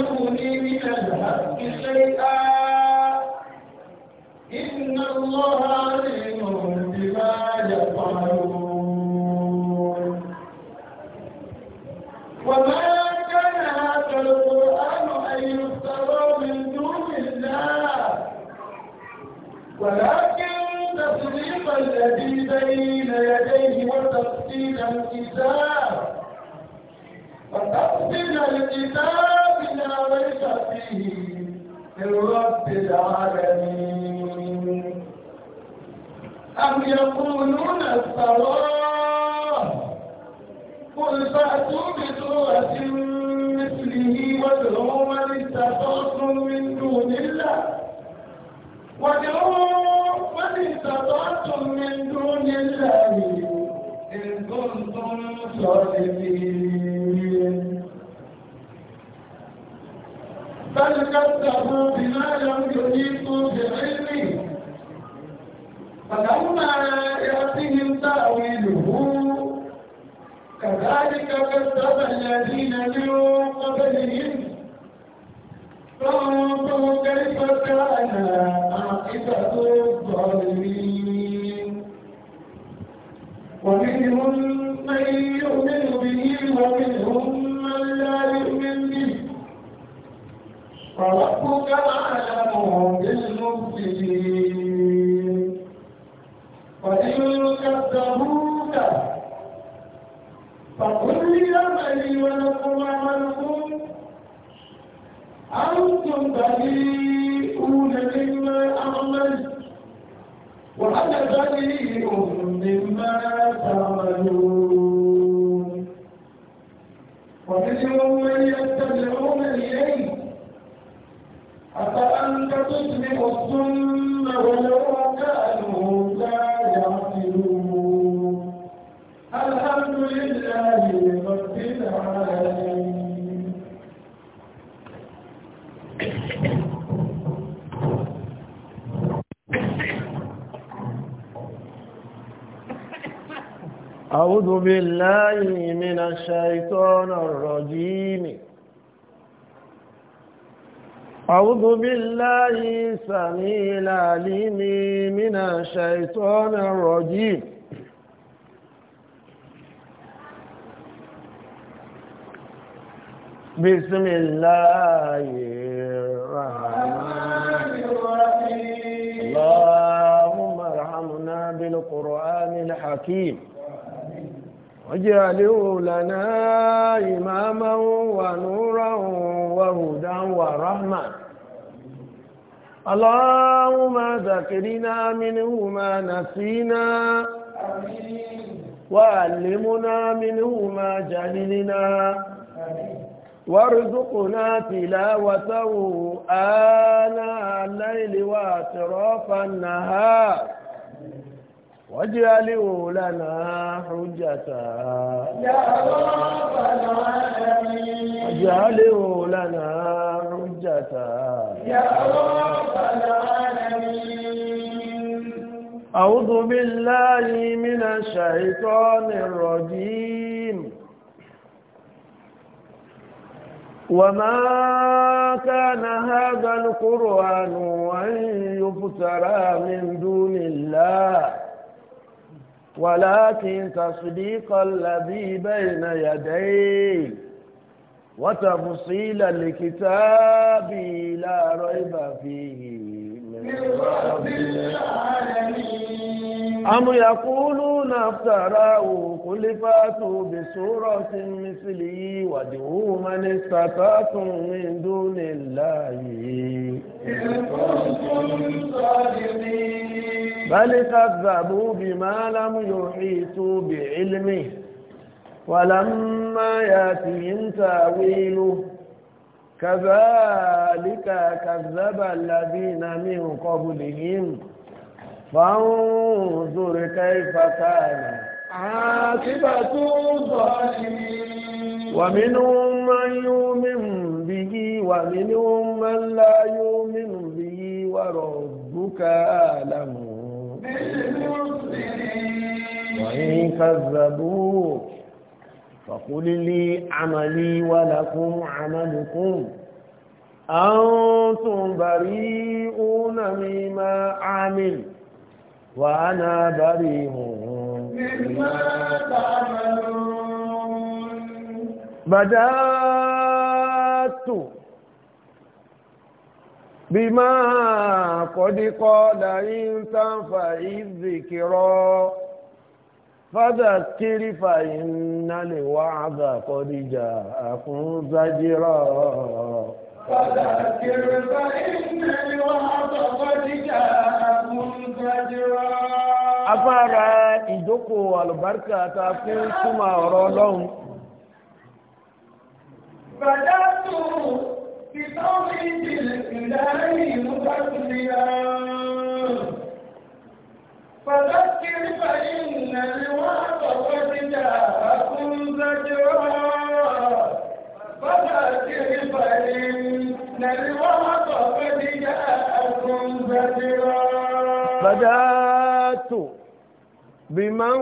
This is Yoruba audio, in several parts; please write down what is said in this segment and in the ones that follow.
يغني من الهم شيئا إن الله العالمين أم يقولون الصلاة قل فأتوا بسورة مثله وادعوا من استطعتم من دون الله وادعوا من استطعتم من دون الله إن كنتم صادقين بل كذبوا بما لم يحيطوا بعلمه فلما يأتهم تأويله كذلك كذب الذين من قبلهم فانظروا كيف كان عاقبة الظالمين ومنهم من يؤمن به ومنهم من لا يؤمن به فربك أعلم بالمفسدين وإن كذبوك فقل لعملي ولكم عملكم أنتم بريئون مما أعمل وأنا بريء مما تعملون ومنهم من يتبعون إليك أفأنت تسمع الصم ولو كانوا لا يعقلون الحمد لله رب العالمين أعوذ بالله من الشيطان الرجيم أعوذ بالله سميع العليم من الشيطان الرجيم بسم الله الرحمن الرحيم اللهم ارحمنا بالقرآن الحكيم واجعله لنا إماما ونورا وهدى ورحمة اللهم ذكرنا منه ما نسينا وعلمنا منه ما جهلنا وارزقنا تلاوته آناء الليل وأطراف النهار واجعله لنا حجة يا رب العالمين واجعله لنا حجة أعوذ بالله من الشيطان الرجيم وما كان هذا القرآن أن يفترى من دون الله ولكن تصديق الذي بين يديه وتفصيلا لكتابي لا ريب فيه من رب العالمين أم يقولون افتراه قل فاتوا بسورة مثله وادعوا من استطعتم من دون الله بل كذبوا بما لم يحيطوا بعلمه ولما ياتهم تاويله كذلك كذب الذين من قبلهم فانظر كيف كان عاقبة الظالمين ومنهم من يؤمن به ومنهم من لا يؤمن به وربك أعلم بالمسلمين وإن كذبوك فقل لي عملي ولكم عملكم أنتم بريئون مما عمل وأنا بريء مما تعملون بدأت بما قد قال إن تنفع الذكرى فذكر فإن الوعد قد جاءكم زجرا فذكر فإن الوعد قد جاءكم زجرا afárá ìjókòó àlùbáríkà ta fi ń súnmọ́ ọ̀rọ̀ ọlọ́run. bàdá tó بدأت بمن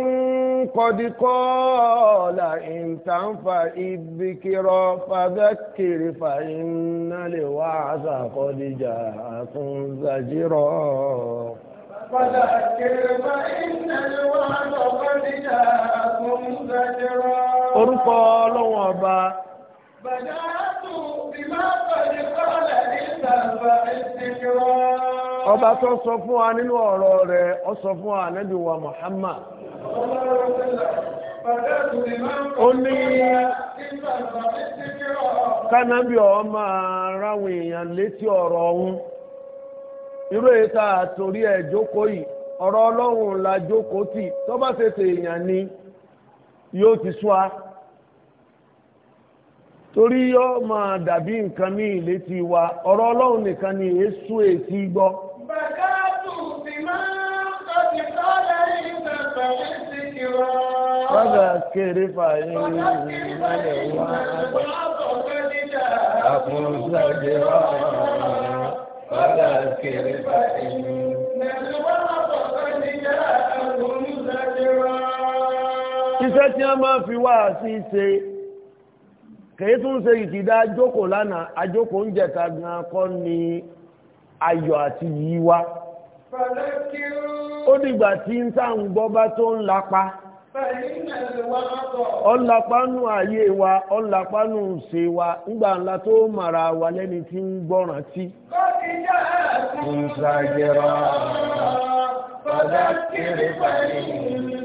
قد قال إن تنفع الذكرى فذكر فإن الوعظ قد جاءكم زجرا orúkọ ọlọ́wọ́n ọba. ọba tó sọ fún wa nínú ọ̀rọ̀ rẹ̀ ó sọ fún wa ànábì wa Muhammad. ó ní kánábì ọ̀ máa ráwọn èèyàn létí ọ̀rọ̀ ọ̀hún irú ètò àtòrí ẹ̀ jókòó yìí ọ̀rọ̀ ọlọ́run la jókòó tì tó bá tètè èèyàn ni yóò ti sú a torí yóò máa dàbí nǹkan míì létí wa ọ̀rọ̀ ọlọ́run nìkan ni èésú èsì gbọ́. bàbá tùbí máa ń tọ́jú tọ́lá ìgbà pẹ̀lú sí ìwọ. bàbá kéré fàáyé ìrìnàlẹ̀ wá àpò ìsàgbé wá. وذكر iṣẹ́ tí a máa fi wá sí ṣe kìí tún ṣe ìtìdá ajókòó lánàá ajókòó ń jẹta gan kọ́ ni ayọ̀ àti yìí ó dìgbà tí ń sáà ń gbọ́ bá tó ń lapa ọ̀làpánú ayé wa ṣe wa ńgbà ńlá tó mara wa lẹ́ni tí ń gbọ́ràn tí. زاجرا فذكر فإن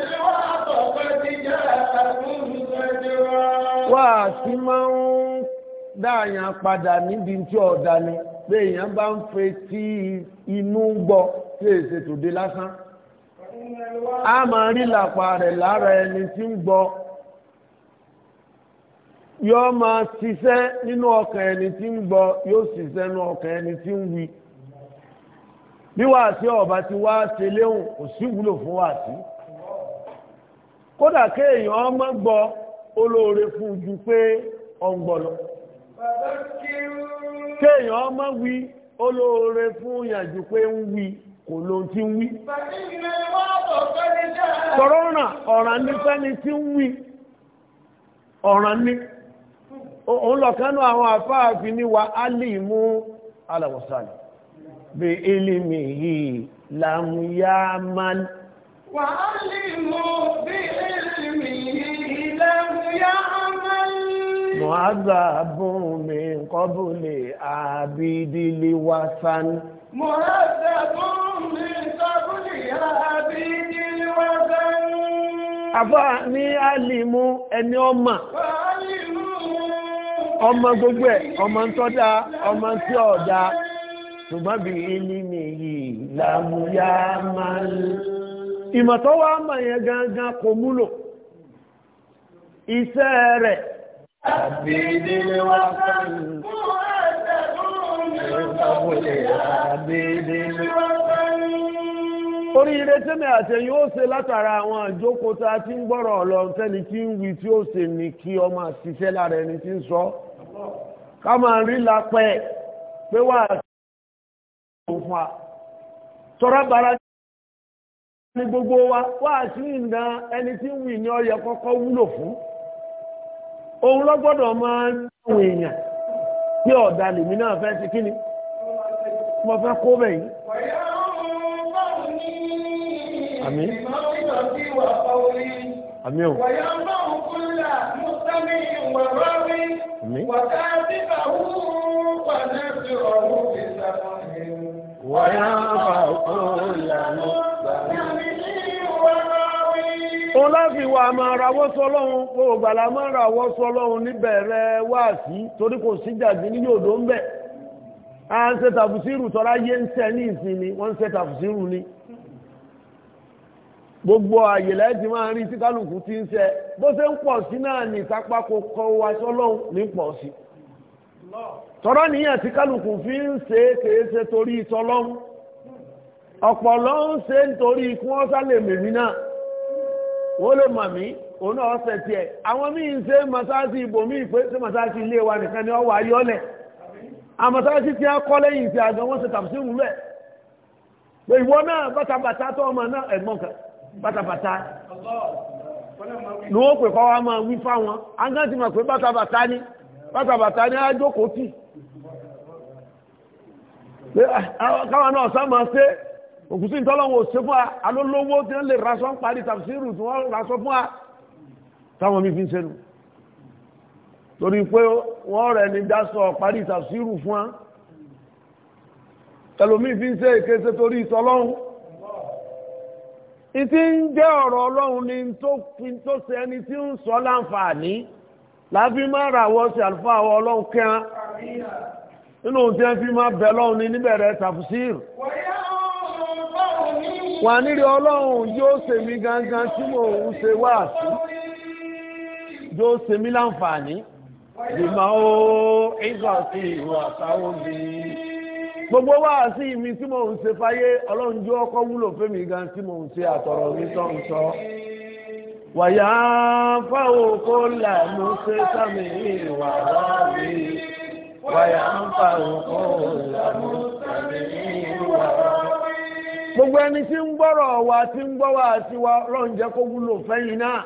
العطف جاءكم زجرا واسما dáàyàn padà níbi tí ọ̀dà ni pé èèyàn bá ń fetí inú gbọ́ tí èsè tòde lásán a máa rí làpá rẹ̀ lára ẹni tí ń gbọ́ yóò máa ṣiṣẹ́ nínú ọkàn ẹni tí ń gbọ́ yóò ṣiṣẹ́ nínú ọkàn ẹni tí ń wi. bí wàásí ọba tí wàá ṣe léhùn kò sí wúlò fún sí. kódà kéèyàn ọmọ gbọ́ olóore fún ju pé ọ̀ngbọ̀ lọ kéèyàn ọmọ wí olóore fún yànjú pé ń wí kò ló ti ń wí kòrónà ọ̀ràn ní fẹ́ni tí ń wi ọ̀ràn ní. òun lọ̀kánú àwọn àfáàfin ní wa alìmú alàwọ̀sánì bí ilimi yìí lámúyámán wa alìmú bí ilimi yìí lámúyámán mọ̀ázàbùn mi kọbùlẹ̀ àbídílé wásán mọ̀ázàbùn mi kọbùlẹ̀ àbídílé wásán àfáà ní alìmú ẹni ọmọ ọmọ gbogbo ọmọ ń ọmọ tí ọ̀dà ṣùgbọ́n bí ilé làmúyá máa ń. ìmọ̀tọ́ wa mọ̀ yẹn gangan kò múlò iṣẹ́ rẹ̀. àbí ìdílé wa fún un. Oríire tí mi àṣẹ yóò ṣe látara àwọn àjókòó tá a ti ń gbọ́rọ̀ ọ̀lọ́ tí ń wí tí ó ṣe ni ọmọ lára ẹni tí ká máa rí lápẹ́ pé wà òfin wa tọ́rọ bára ní gbogbo wa wà sí ìdá ẹni tí ń wì ní ọyẹ kọ́kọ́ wúlò fún òun lọ́gbọ́dọ̀ máa ń àwọn èèyàn pé ọ̀dà lèmi náà fẹ́ ti kí ni mo fẹ́ kó bẹ̀yìn àmì àmì Òun láti wà máa rawọ́ sọ́lọ́run, ògbàlá máa rawọ́ sọ́lọ́run níbẹ̀rẹ̀ wáàsí torí kò sí jàdí ní yóò dó ń bẹ̀. A ń ṣe tàfùsírù tọ́lá yé ń ṣẹ́ ní ìsinmi, wọ́n ń ṣe ni gbogbo àyè lẹ́ẹ̀tì máa rí tí kálukú ti ń ṣe bó ṣe ń pọ̀ sí náà ní ìsapá kò kọ wa sọ́lọ́hún ní pọ̀ sí. tọ́rọ nìyẹn tí kálukú fi ń ṣe kèé ṣe torí sọ́lọ́hún ọ̀pọ̀ ló ń ṣe nítorí kí wọ́n sálè mèmí náà wọ́n lè mà mí òun náà ọ̀sẹ̀ tiẹ̀ àwọn míì ń ṣe màsáàsì ibòmíì pé ṣé màsáàsì ilé wa nìkan ni ọwọ́ ayọ́lẹ̀ àmàsáàsì ti kọ́ lẹ́yìn ti àgbọn wọn ṣe tàbí sí ìwúlẹ̀ pé ìwọ náà bàtàbàtà tó ọmọ náà ẹ̀gbọ́n kan bátàbàtà ni wọ́n pè kọ́ wá máa wí fáwọn angán ti mọ̀ pé bátàbàtà ní bátàbàtà ní ajókòó tì ah, ah, káwọn náà sá máa ṣe òkùsí ìtọ́lọ́wọ̀ ṣe fún alólówó tí ó lè rasọ́ ń parí tàbísírù tí wọ́n rasọ́ fún a táwọn mi fi ń sẹ́nu torí pé wọ́n rẹ̀ ní dásọ parí tàbísírù fún a tẹlomi fi ń sẹ́ ìkéṣe torí ìtọ́lọ́hun ìtí ń jẹ́ ọ̀rọ̀ ọlọ́run ni tó fi tó ṣe ẹni tí ń sọ láǹfààní láfi máa rà wọ́n sí àlùfáà wọ́n ọlọ́run kẹ́hán nínú tí wọ́n fi máa bẹ̀ lọ́run ní níbẹ̀rẹ̀ tàfùsírù. wà nírí ọlọ́run yóò ṣe mí gangan tí mò ń ṣe wá sí yóò ṣe mí láǹfààní ìmọ̀ ó ìgbà sí ìwà táwọn bíi. gbogbo wa si mi ti mò ń faye fáyé ọlọ́run jẹ́ ọkọ̀ gan tí mò ń atọrọ mi sọ. wàyà fáwọn kó là mú sami sámi ìwà rọ́ọ̀mì wàyà fáwọn kó là mú sámi ìwà rọ́ọ̀mì. gbogbo ẹni tí ń gbọ́rọ̀ wa ti ń gbọ́ wa ti wa ọlọ́run jẹ́ kó wulo fẹ́yìn náà.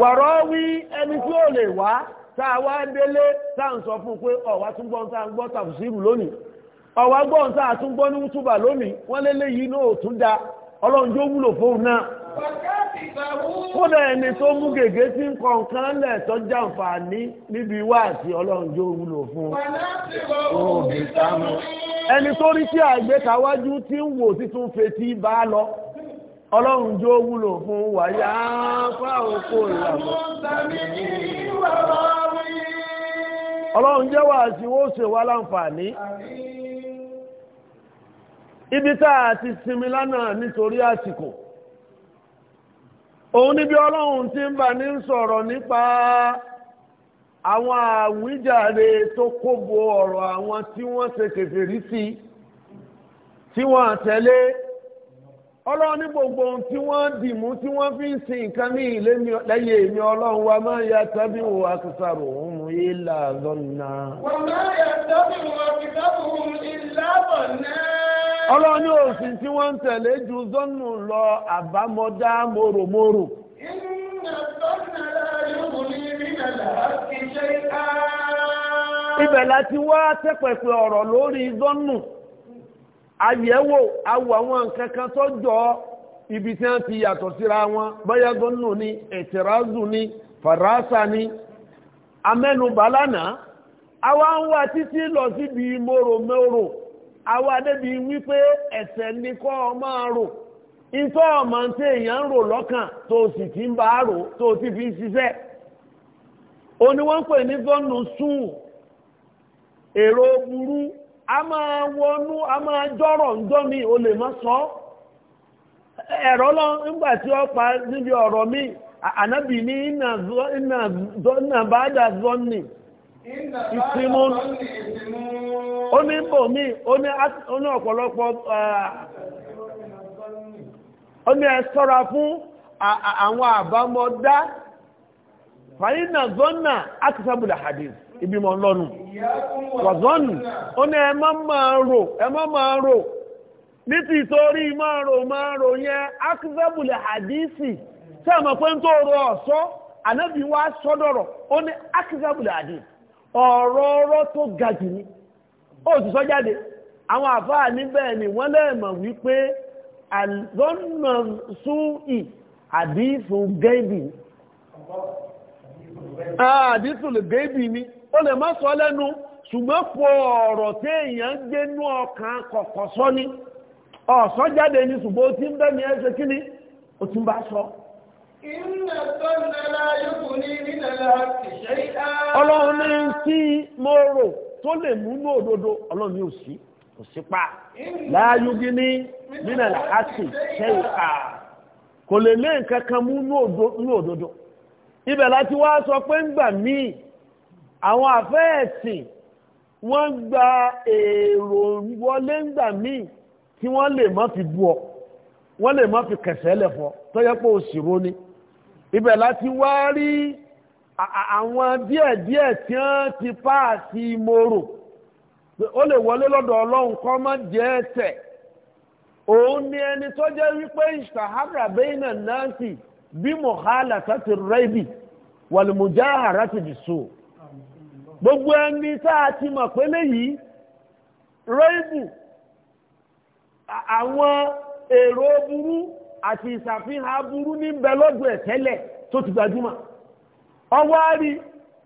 wàrọ̀ wí ẹni tí ò lè wá tá wá délé ń sọ fún ọwọ́ agbọ́n sáà tún gbọ́ ní wútúbà lónìí wọ́n lélẹ́ yìí náà tún da ọlọ́run jó wúlò fóun náà kódà ẹni tó mú gègé tí ń kọ̀ọ̀kan lẹ̀ tó jàǹfààní níbi wá àti ọlọ́run jó wúlò fún ẹni tó rí tí àgbékawájú tí ń wò títún fetí bá lọ ọlọ́run jó wúlò fún wáyà fáwọn kò làbọ̀ ọlọ́run jẹ́ wàásù ó ṣe wá láǹfààní ibi tá a ti sinmi lánàá nítorí àsìkò òun níbi ọlọ́run ti ń bà ní sọ̀rọ̀ nípa àwọn àwíjàre tó kóbo ọ̀rọ̀ àwọn tí wọ́n ṣe kèfèrí sí tí wọ́n tẹ̀lé ọlọ́run ní gbogbo ohun tí wọ́n dì tí wọ́n fi ń sin nǹkan ní lẹ́yìn èmi ọlọ́run wa máa ya tábí wo akísàrò òun mú ilà lọ́nà. wọ́n máa ya tábí wo akísàrò òun ilà lọ́nà ọlọ́run ní òfin tí wọ́n ń tẹ̀lé ju zọ́nù lọ àbámọ́dá mòròmórò. ibẹ̀ láti wá tẹ́pẹ̀pẹ̀ ọ̀rọ̀ lórí zọ́nù àyẹ̀wò awọ àwọn nǹkan kan tó jọ ibi tí wọ́n ti yàtọ̀ síra wọn bóyá zọ́nù ni ẹ̀tẹ̀rázù ni fàrásà ni amẹ́nubà lánàá àwa ń wá títí lọ síbi mòròmórò. àwa débi wípé ẹ̀ṣẹ̀ ní kọ́ ọ rò ìtọ́ ọmọ tí èèyàn ń rò lọ́kàn tó sì ti ń bá rò tó ti fi ṣiṣẹ́ o ni wọ́n pè ní gọ́nù sùn èrò burú a máa wọnú a máa jọ́rọ̀ ń jọ́ mi o lè má sọ ẹ̀rọ lọ nígbà tí mi ànábì ní omi ní bò mí ó ní ọ̀pọ̀lọpọ̀ ó ẹ sọ́ra fún àwọn àbámọ́dá fàyínà zọ́nà akísàbùdà hadith ìbímọ̀ lọ́nu wàzọ́nù ó ní ẹ máa rò ẹ máa rò ní ti torí máa rò máa rò yẹn tí a mọ̀ pé ń tó rọ wá sọ́dọ̀rọ̀ ó ní ọ̀rọ̀ ọ̀rọ̀ ó ti sọ jáde àwọn àfáà níbẹ̀ ni wọ́n lẹ́ẹ̀mọ̀ wípé àlọ́nà súnì àdífù gẹ́bì àdífù gẹ́bì ni ó lè má sọ lẹ́nu ṣùgbọ́n pọ̀ ọ̀rọ̀ tí èèyàn gbénú ọkàn kọ̀kọ̀ sọ ní ọ̀sọ́ jáde ní ṣùgbọ́n ó ti ń bẹ́ni ẹ́ṣẹ́ kí ni ó ti ọlọ́run ní tí mo rò tó lè múnú òdodo ọlọ́run yóò sí kò sí pa láàyùgí ní nínú àti ṣe ìka kò lè lé nǹkan kan múnú òdodo ibẹ̀ láti wá sọ pé ń gbà míì àwọn àfẹ́ẹ̀sìn wọ́n gba èrò wọlé ń gbà míì tí wọ́n lè má fi bú ọ wọ́n lè má fi kẹsẹ̀ lẹ̀ fọ́ tó pé o sì ro ibẹ̀ láti wá rí àwọn díẹ̀díẹ̀ tí wọ́n ti páàsì mòrò ó lè wọlé lọ́dọ̀ ọlọ́run kọ́ mọ́ díẹ̀ tẹ̀ òun ni ẹni tó jẹ́ wípé ìṣàhárà bẹ́ẹ̀nà náà sì bí mọ̀hálà tàti rẹ́bì wàlùmùjá àrà ti dìso gbogbo ẹni tá a ti mọ̀ pé léyìí rẹ́bù àwọn èrò burú àti ìṣàfihàn burú ní bẹ lọ́dọ̀ tẹ́lẹ̀ tó ti gbajúmọ̀. ọwọ́ àrí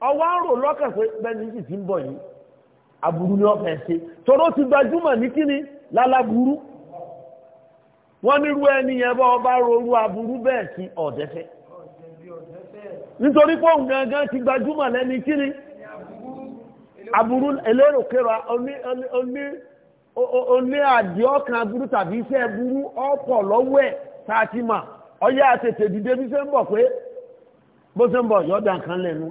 ọwọ́ àrò lọ́kàn pé bẹ́ẹ̀ni sì ti ń bọ̀ yìí aburú ni wọ́n ṣe tọ́rọ ti gbajúmọ̀ ní kíni lálábúrú wọ́n nírú ẹni yẹn bá ọba roru aburú bẹ́ẹ̀ sí ọ̀dẹ́fẹ́ nítorí gangan ti gbajúmọ̀ lẹ́ni kíni aburú elérokèrò oní aburú tàbí iṣẹ́ burú ọ̀pọ̀ lọ́wọ́ ẹ̀ ọyá dìde bí ṣe bó ṣe ń bọ̀ yọ́dá nǹkan lẹ́nu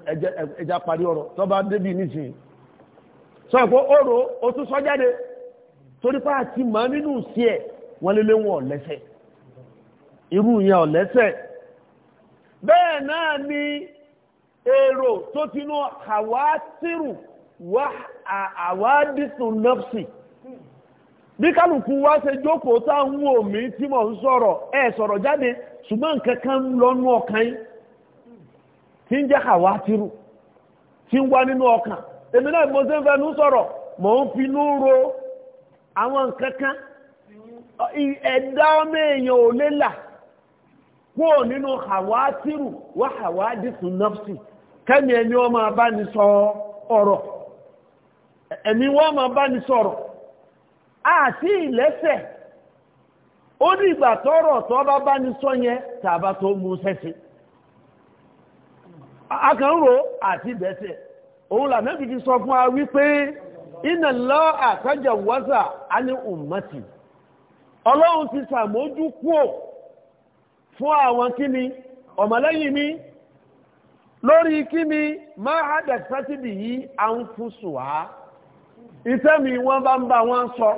ẹja parí ọ̀rọ̀ tó bá débì nísìnyí sọ pé ó rò ó tún sọ jáde torí pé àti màá nínú sí ẹ̀ wọ́n lé lé ọ̀lẹ́sẹ̀ irú yẹn ọ̀lẹ́sẹ̀ bẹ́ẹ̀ náà ni èrò tó ti nú àwátìrù wá àwádìsùn nọ́fsì bí kálukú wá ṣe jókòó táwọn omi tí mò ń sọ̀rọ̀ ẹ̀ sọ̀rọ̀ jáde ṣùgbọ́n nǹkan kan lọ́nú yìí tí ń jẹ́ kàwátírù tí ń wá nínú ọkàn èmi náà mo ṣe ń fẹnu sọ̀rọ̀ mò ń finú ro àwọn nkankan ẹ̀dá ọmọ èèyàn ò lè là nínú kàwátírù wá kàwádìsùn nọ́fsì kẹ́mi ẹni wọ́n máa bá ní sọ ọ̀rọ̀ ẹ̀mí wọ́n máa bá ní sọ̀rọ̀ àti ìlẹ́sẹ̀ ó ní ìgbà tọ́rọ̀ akànrò àti bẹ̀ẹ̀sẹ̀ òun là mẹ́bí fi sọ fún wa wípé iná lọ àkájọ wọ́sà á ní ummati ọlọ́run ti sàmójú kúò fún àwọn kíni ọmọlẹ́yìn mi lórí kíni máa hádà sátìdì yìí à ń fún sùá ìtẹ́mi wọ́n bá ń bá wọn sọ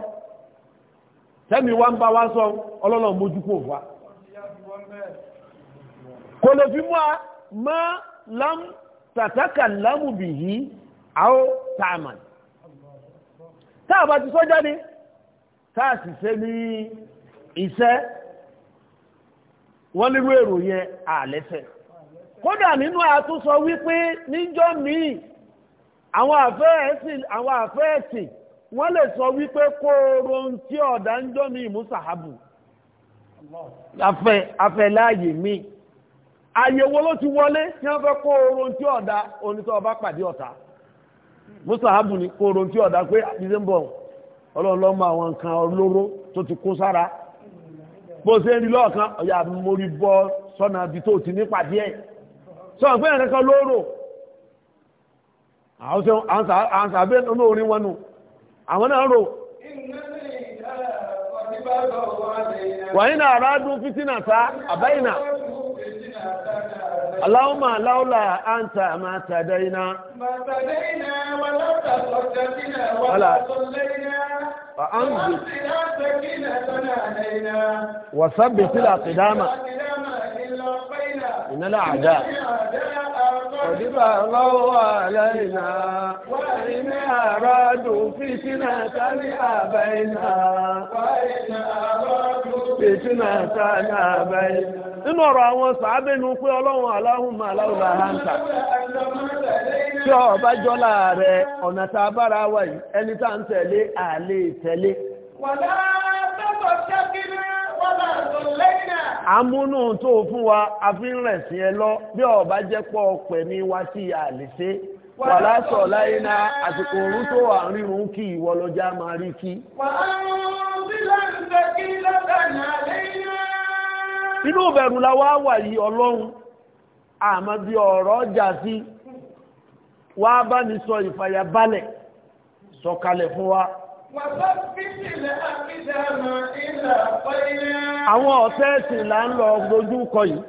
tẹ́mi wọ́n bá wọn sọ ọlọ́run mójú kúò fún wa kò lè fi mú a máa lam tàtàkà lámù bì yí àó tààmà táà bá ti sọ jáde táà sì ṣe ní iṣẹ́ wọ́n lérú èrò yẹn àlẹ́sẹ̀ kódà nínú àtúnsọ wípé níjọ́ míì àwọn àfẹ́ ẹ̀sìn wọ́n lè sọ wípé kó oorun tí ọ̀dà ń jọ́ míì mú sàhábù afẹ́ láàyè míì àyẹ̀wò ló ti wọlé tí wọ́n fẹ́ kó oorun tí onítọ̀ ọba pàdé ọ̀tá ni kó oorun tí pé àwọn nǹkan olóró tó ti kó sára bó ṣe ń rí lọ́ọ̀kan ọ̀yà mórí bọ́ sọ́nà ibi tó ti ní pàdé ẹ̀ sọ pé ẹ̀rẹ́ kan lóró wọn nù àwọn náà rò اللهم لولا أنت ما تدينا ما تدينا ولا تخرجتنا ولا صلينا وأنزل سكينتنا علينا وثبت الأقدام إن الأعداء قد الله علينا وإن أرادوا فتنة أبينا وإن أرادوا فتنة أبينا nínú ọ̀rọ̀ àwọn sàábẹ́nu pé ọlọ́run aláhùnmá aláhùnmá hanta tí bá jọ́lá rẹ̀ ọ̀nà tá a bára wà yìí ẹni tá ń tẹ̀lé àlè tẹ̀lé. amúnú tó fún wa a fi ń rẹ̀ sí ẹ lọ bí ọba jẹ́ pọ̀ pẹ̀ ní wá sí àlè ṣe sọ̀ láyé náà àti tó wà rírun kí ìwọ lọ́jà máa inú ìbẹ̀rù la wá wà yìí ọlọ́run àmọ́ bí ọ̀rọ̀ ọjà sí wá bá ní sọ ìfàyàbalẹ̀ sọ̀kalẹ̀ fún wa àwọn ọ̀tẹ́ ẹ̀sìn là ń lọ gbójú kọ yìí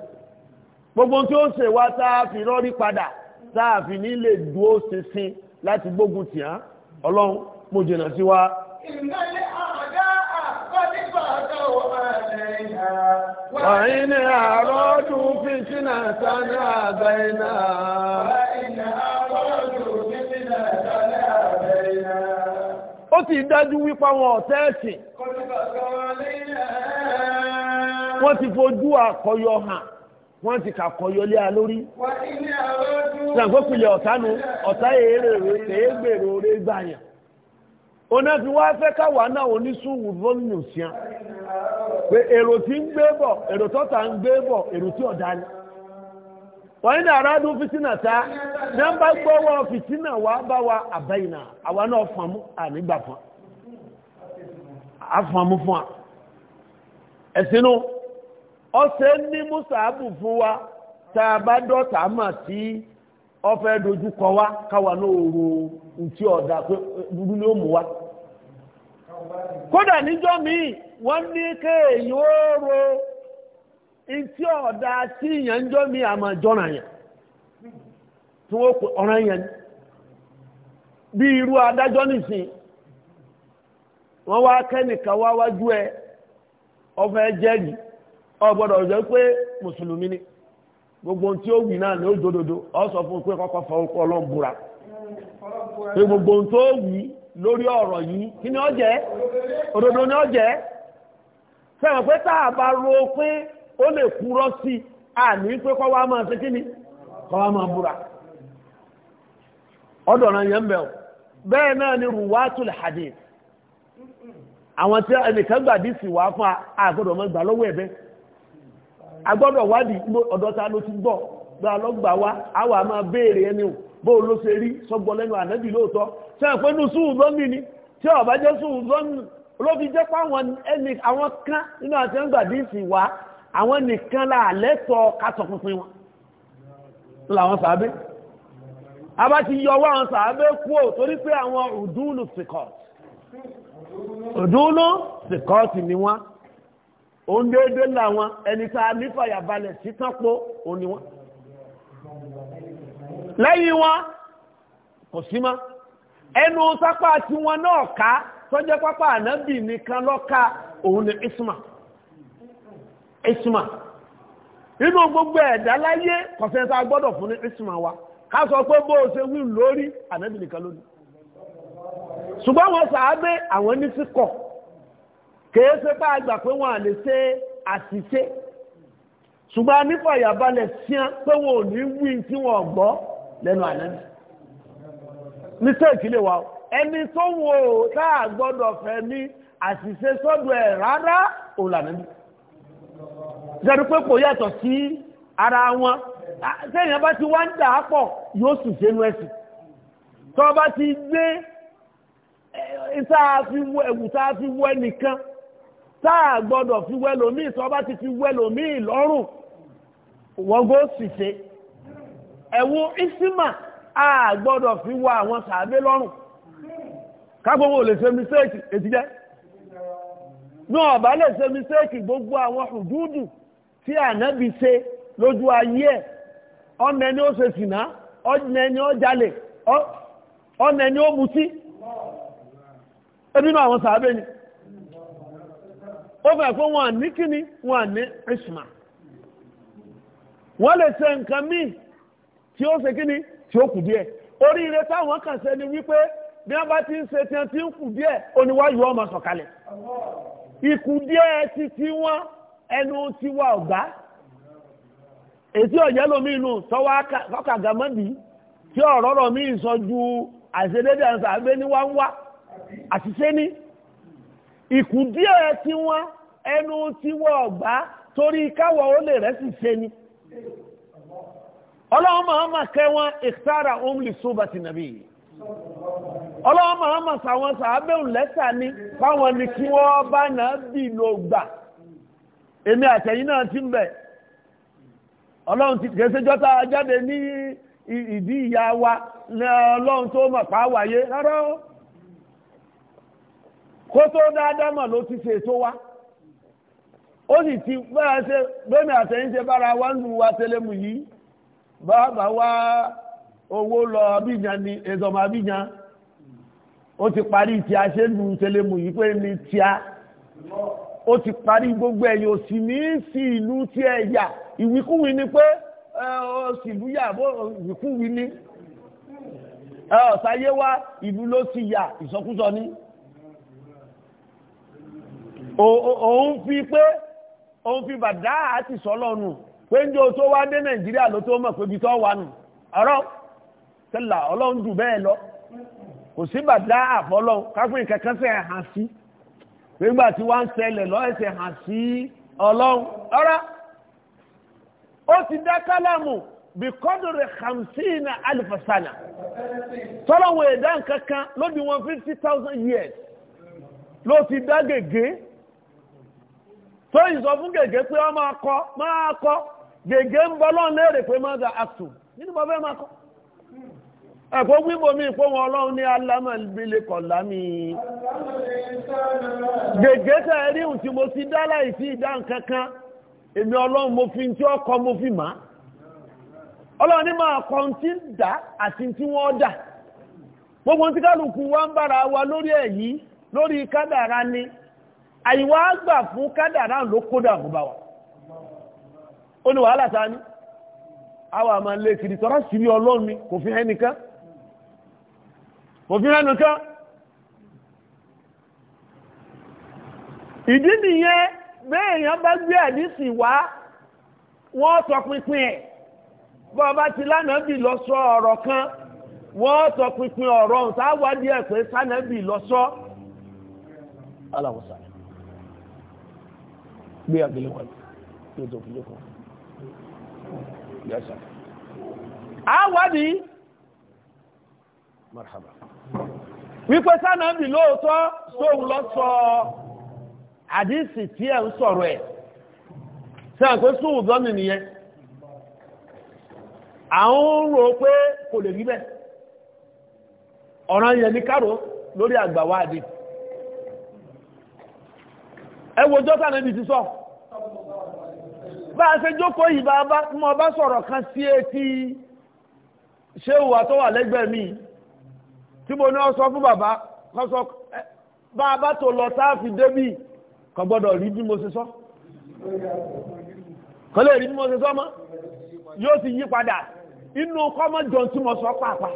gbogbo tí ó ṣe wá sáàfin rọ́rí padà sáàfin ní lè dúó ṣinṣin láti gbógun tì á ọlọ́run mo jìnà sí wa. ìmọ̀lẹ́ àwọn. عليها وإن أرادوا فتنة ó ti dájú wípé àwọn ọ̀tẹ́ wọ́n ti fojú àkọyọ hàn wọ́n ti kàkọyọ lé a lórí ṣàǹkópìlẹ̀ ọ̀tánu ọ̀tá èrè èégbèrè orí gbàyàn oná fi fẹ́ káwà náà oníṣùwù pé èrò tí ń gbé bọ̀ èrò tọ́ta ń gbé bọ̀ èrò tí ọ̀dá ni wọ́n ní àrádùn fìtínà ta ní wọ́n bá gbọ́wọ́ fìtínà wà bá wa àwa náà fàmú ànígbà fún àfàmú fún ẹ̀sìnú ọ̀sẹ̀ ní mùsàábù wa tá a bá dọ́ta mà wa káwa náà ntí ọ̀dà pé wa. kódà níjọ́ míì wọ́n ní kéèyàn ó ro ntí ọ̀dá tí ìyàn ń jọ́ míì àmọ́ jọ́nà yẹn tí wọ́n pè yẹn bí irú adájọ́ nìsín wọ́n wá kẹ́nìkan wá wájú ẹ ọfẹ́ jẹ́rìí ọgbọ́dọ̀ pé mùsùlùmí ni gbogbo tí ó wì náà ní ó dododo ọ sọ fún gbogbo tó wì lórí ọ̀rọ̀ yìí kí ni ó jẹ́ òdodo ni ó jẹ́ fẹ́ràn pé tá bá ro pé ó lè kúrọ́ sí àní pé kọ́ wá máa ṣe kí ni kọ́ wá máa búra yẹn bẹ̀ bẹ́ẹ̀ náà ni ruwatul hadith àwọn tí ẹnìkan gbàdí fún mọ́ gbà lọ́wọ́ ẹ̀bẹ́ agbọ́dọ̀ wádìí ló ti gbọ́ bó ló ṣe rí sọ́gbọ́ lẹ́nu ànábì lóòótọ́ ṣe é pé nùsù zọ́nì ni tí ọ̀bá jẹ́ sùn zọ́nì ló fi jẹ́ pé àwọn ẹni àwọn kan nínú àti ẹ̀ńgbà díìsì wá àwọn nìkan láàlẹ́ tọ́ kátọ̀ pinpin wọn làwọn sàábé abá ti yọ wá àwọn sàábé kú ò torí pé àwọn òdúlù sìkọ̀t òdúlù sìkọ̀t ni wọ́n òun déédéé làwọn ẹni tá a nífàyàbalẹ̀ sí tán po òun ni wọ́n. lẹ́yìn wọn kò sí ẹnu sápá tí wọn náà ká sọ́jẹ́ pápá ànábì nìkan lọ́ka òun ni isma isma gbogbo ẹ̀dá láyé kọ̀sẹ̀ntà gbọ́dọ̀ fún ní isma wa ká sọ pé bó ṣe wí lórí ànábì nìkan ṣùgbọ́n wọn sàábé àwọn ní sí kọ̀ ṣe àgbà pé wọn à lè ṣe àṣìṣe ṣùgbọ́n wọn ò ní wí tí wọn gbọ́ lẹ́nu ànábì mistake lè wà ẹni tó wo táà gbọ́dọ̀ fẹ́ ní àṣìṣe sọ́dọ̀ ẹ̀ rárá òun lànàbì jẹ́rú pé kò yàtọ̀ sí ara wọn tẹ́yìn bá ti wá ń dà á pọ̀ yóò sì sínú ẹ̀sìn tó bá ti gbé ẹ̀wù táà fi wọ ẹnìkan táà gbọ́dọ̀ fi wẹ́lòmíì tó bá ti fi wẹ́lòmíì lọ́rùn wọ́n gbó sì ṣe ẹ̀wọ́ ìsímà a gbọdọ fi wá àwọn sàábé lọ́rùn kágbówó lè ṣe mistake ètìjẹ́ náà bá lè ṣe mistake gbogbo àwọn hùdúdù tí ànábì ṣe lójú ayé ẹ̀ ọmọ ó ṣe sìná wọ́n lè ṣe tí ó ṣe kíni tí ó kù díẹ̀ oríire táwọn ni wípé bí ti ń se tiẹ̀ ti ń kù díẹ̀ oníwájú ọmọ sọ̀kalẹ̀ ikú díẹ̀ ti ti wọ́n ẹnu ti wà ọ̀gá ètí ọ̀jẹ́ lomi inú tọ́wọ́ ọkàgàmọ́dì tí ọ̀rọ̀ rọ̀ mí sọ ju àìṣedédé àǹsà gbé ọlọ́run mahama kẹ́ wọn ìsára omri sóbàtì nàbí ọlọ́run mahama sàwọn sàábẹ̀hùn lẹ́sà ní fáwọn ni kí wọ́n bá náà bì ló gbà èmi àtẹ̀yìn náà ti ń bẹ̀ ọlọ́run ti kẹsẹ́ jáde ní ìdí wa ní ọlọ́run ó sì ti bẹ́ẹ̀ ṣe gbẹ́mì àtẹ̀yìn ṣe bára wá ń lu wa tẹlẹ́mù yìí bàbá wá owó lọ abíjan ni ẹ̀zọ̀mọ̀ abíjan ó ti parí tí a ṣe lù tẹlẹmù yìí pé ní tí a ó ti parí gbogbo ẹ̀yìn òsì ní sí ìlú tí ẹ yà ìwíkúwí ni pé òsì ìlú yà bó ìwíkúwí ni ọ̀sáyé wá ìlú ló ti yà ìsọkúsọ ni òun fi pé òun fi bàdá àti sọlọ́nù pé ń jẹ́ o tó wá dé nàìjíríà ló tó mọ̀ pé ibi tó wà nù ọ̀rọ̀ tẹ́lá ọlọ́run jù bẹ́ẹ̀ lọ kò sí bàdá àfọlọ́run kápẹ́ kankan sẹ́ hàn sí nígbà tí wọ́n ń ṣẹlẹ̀ lọ́ẹ̀sẹ̀ hàn sí ọlọ́run ọ̀rọ̀ ó ti dá kálámù bí kọ́dùrì hamsina alifasana tọ́lọ́wọ̀ ẹ̀dá kankan ló di wọn fifty thousand years ló ti dá gègé tó ìsọfún gègé pé ọ máa kọ máa kọ gègé ń bọ́ lọ́n léèrè pé má za àtù nínú bọ́ bẹ́ẹ̀ máa kọ́ ẹ̀kọ́ mi wọn ọlọ́run ní mi gègé rí ohun tí mo ti dá láìsí ìdá nǹkan kan èmi ọlọ́run mo fi tí ọkọ mo fi mà á ọlọ́run ní máa kọ́ tí ń gbogbo tí kálukú wa ń bára wa lórí lórí kádàrá ni àyíwá gbà fún kádàrá ló ó ní wàhálà ni àwọn àmà lè kiri tọ́rọ sírí ọlọ́run ni kò fi ẹnìkan kò fi ẹnìkan ìdí nìyẹn bẹ́ẹ̀ bá gbé àdísì wá wọ́n ẹ̀ bọ́ bá ti lọ sọ ọ̀rọ̀ kan wọ́n tọpinpin ọ̀rọ̀ ọ̀hún táwádìí ẹ̀ pé lọ sọ aláwọ̀sán gbé àgbélẹ̀wọ̀n tó tó Yes, sir. Àwádìí. Marhaba. Wípé sáà bì lóòótọ́ sóhun lọ sọ àdísì tí ẹ̀ Àwọn rò pé kò lè rí bẹ́ẹ̀. Ọ̀ràn ní lórí náà ti sọ̀rọ̀. bá a ṣe jókòó yìí bá mo bá sọ̀rọ̀ kan sí etí ṣéwù wa tó wà lẹ́gbẹ̀ẹ́ mi tí mo ní ọ sọ fún bàbá kọ́ sọ bá a bá tó lọ táàfì débì kò gbọ́dọ̀ rí bí mo ṣe sọ kò lè rí bí mo ṣe sọ mọ́ yóò ti yí padà inú kọ́mọ́ tí mo sọ pàápàá.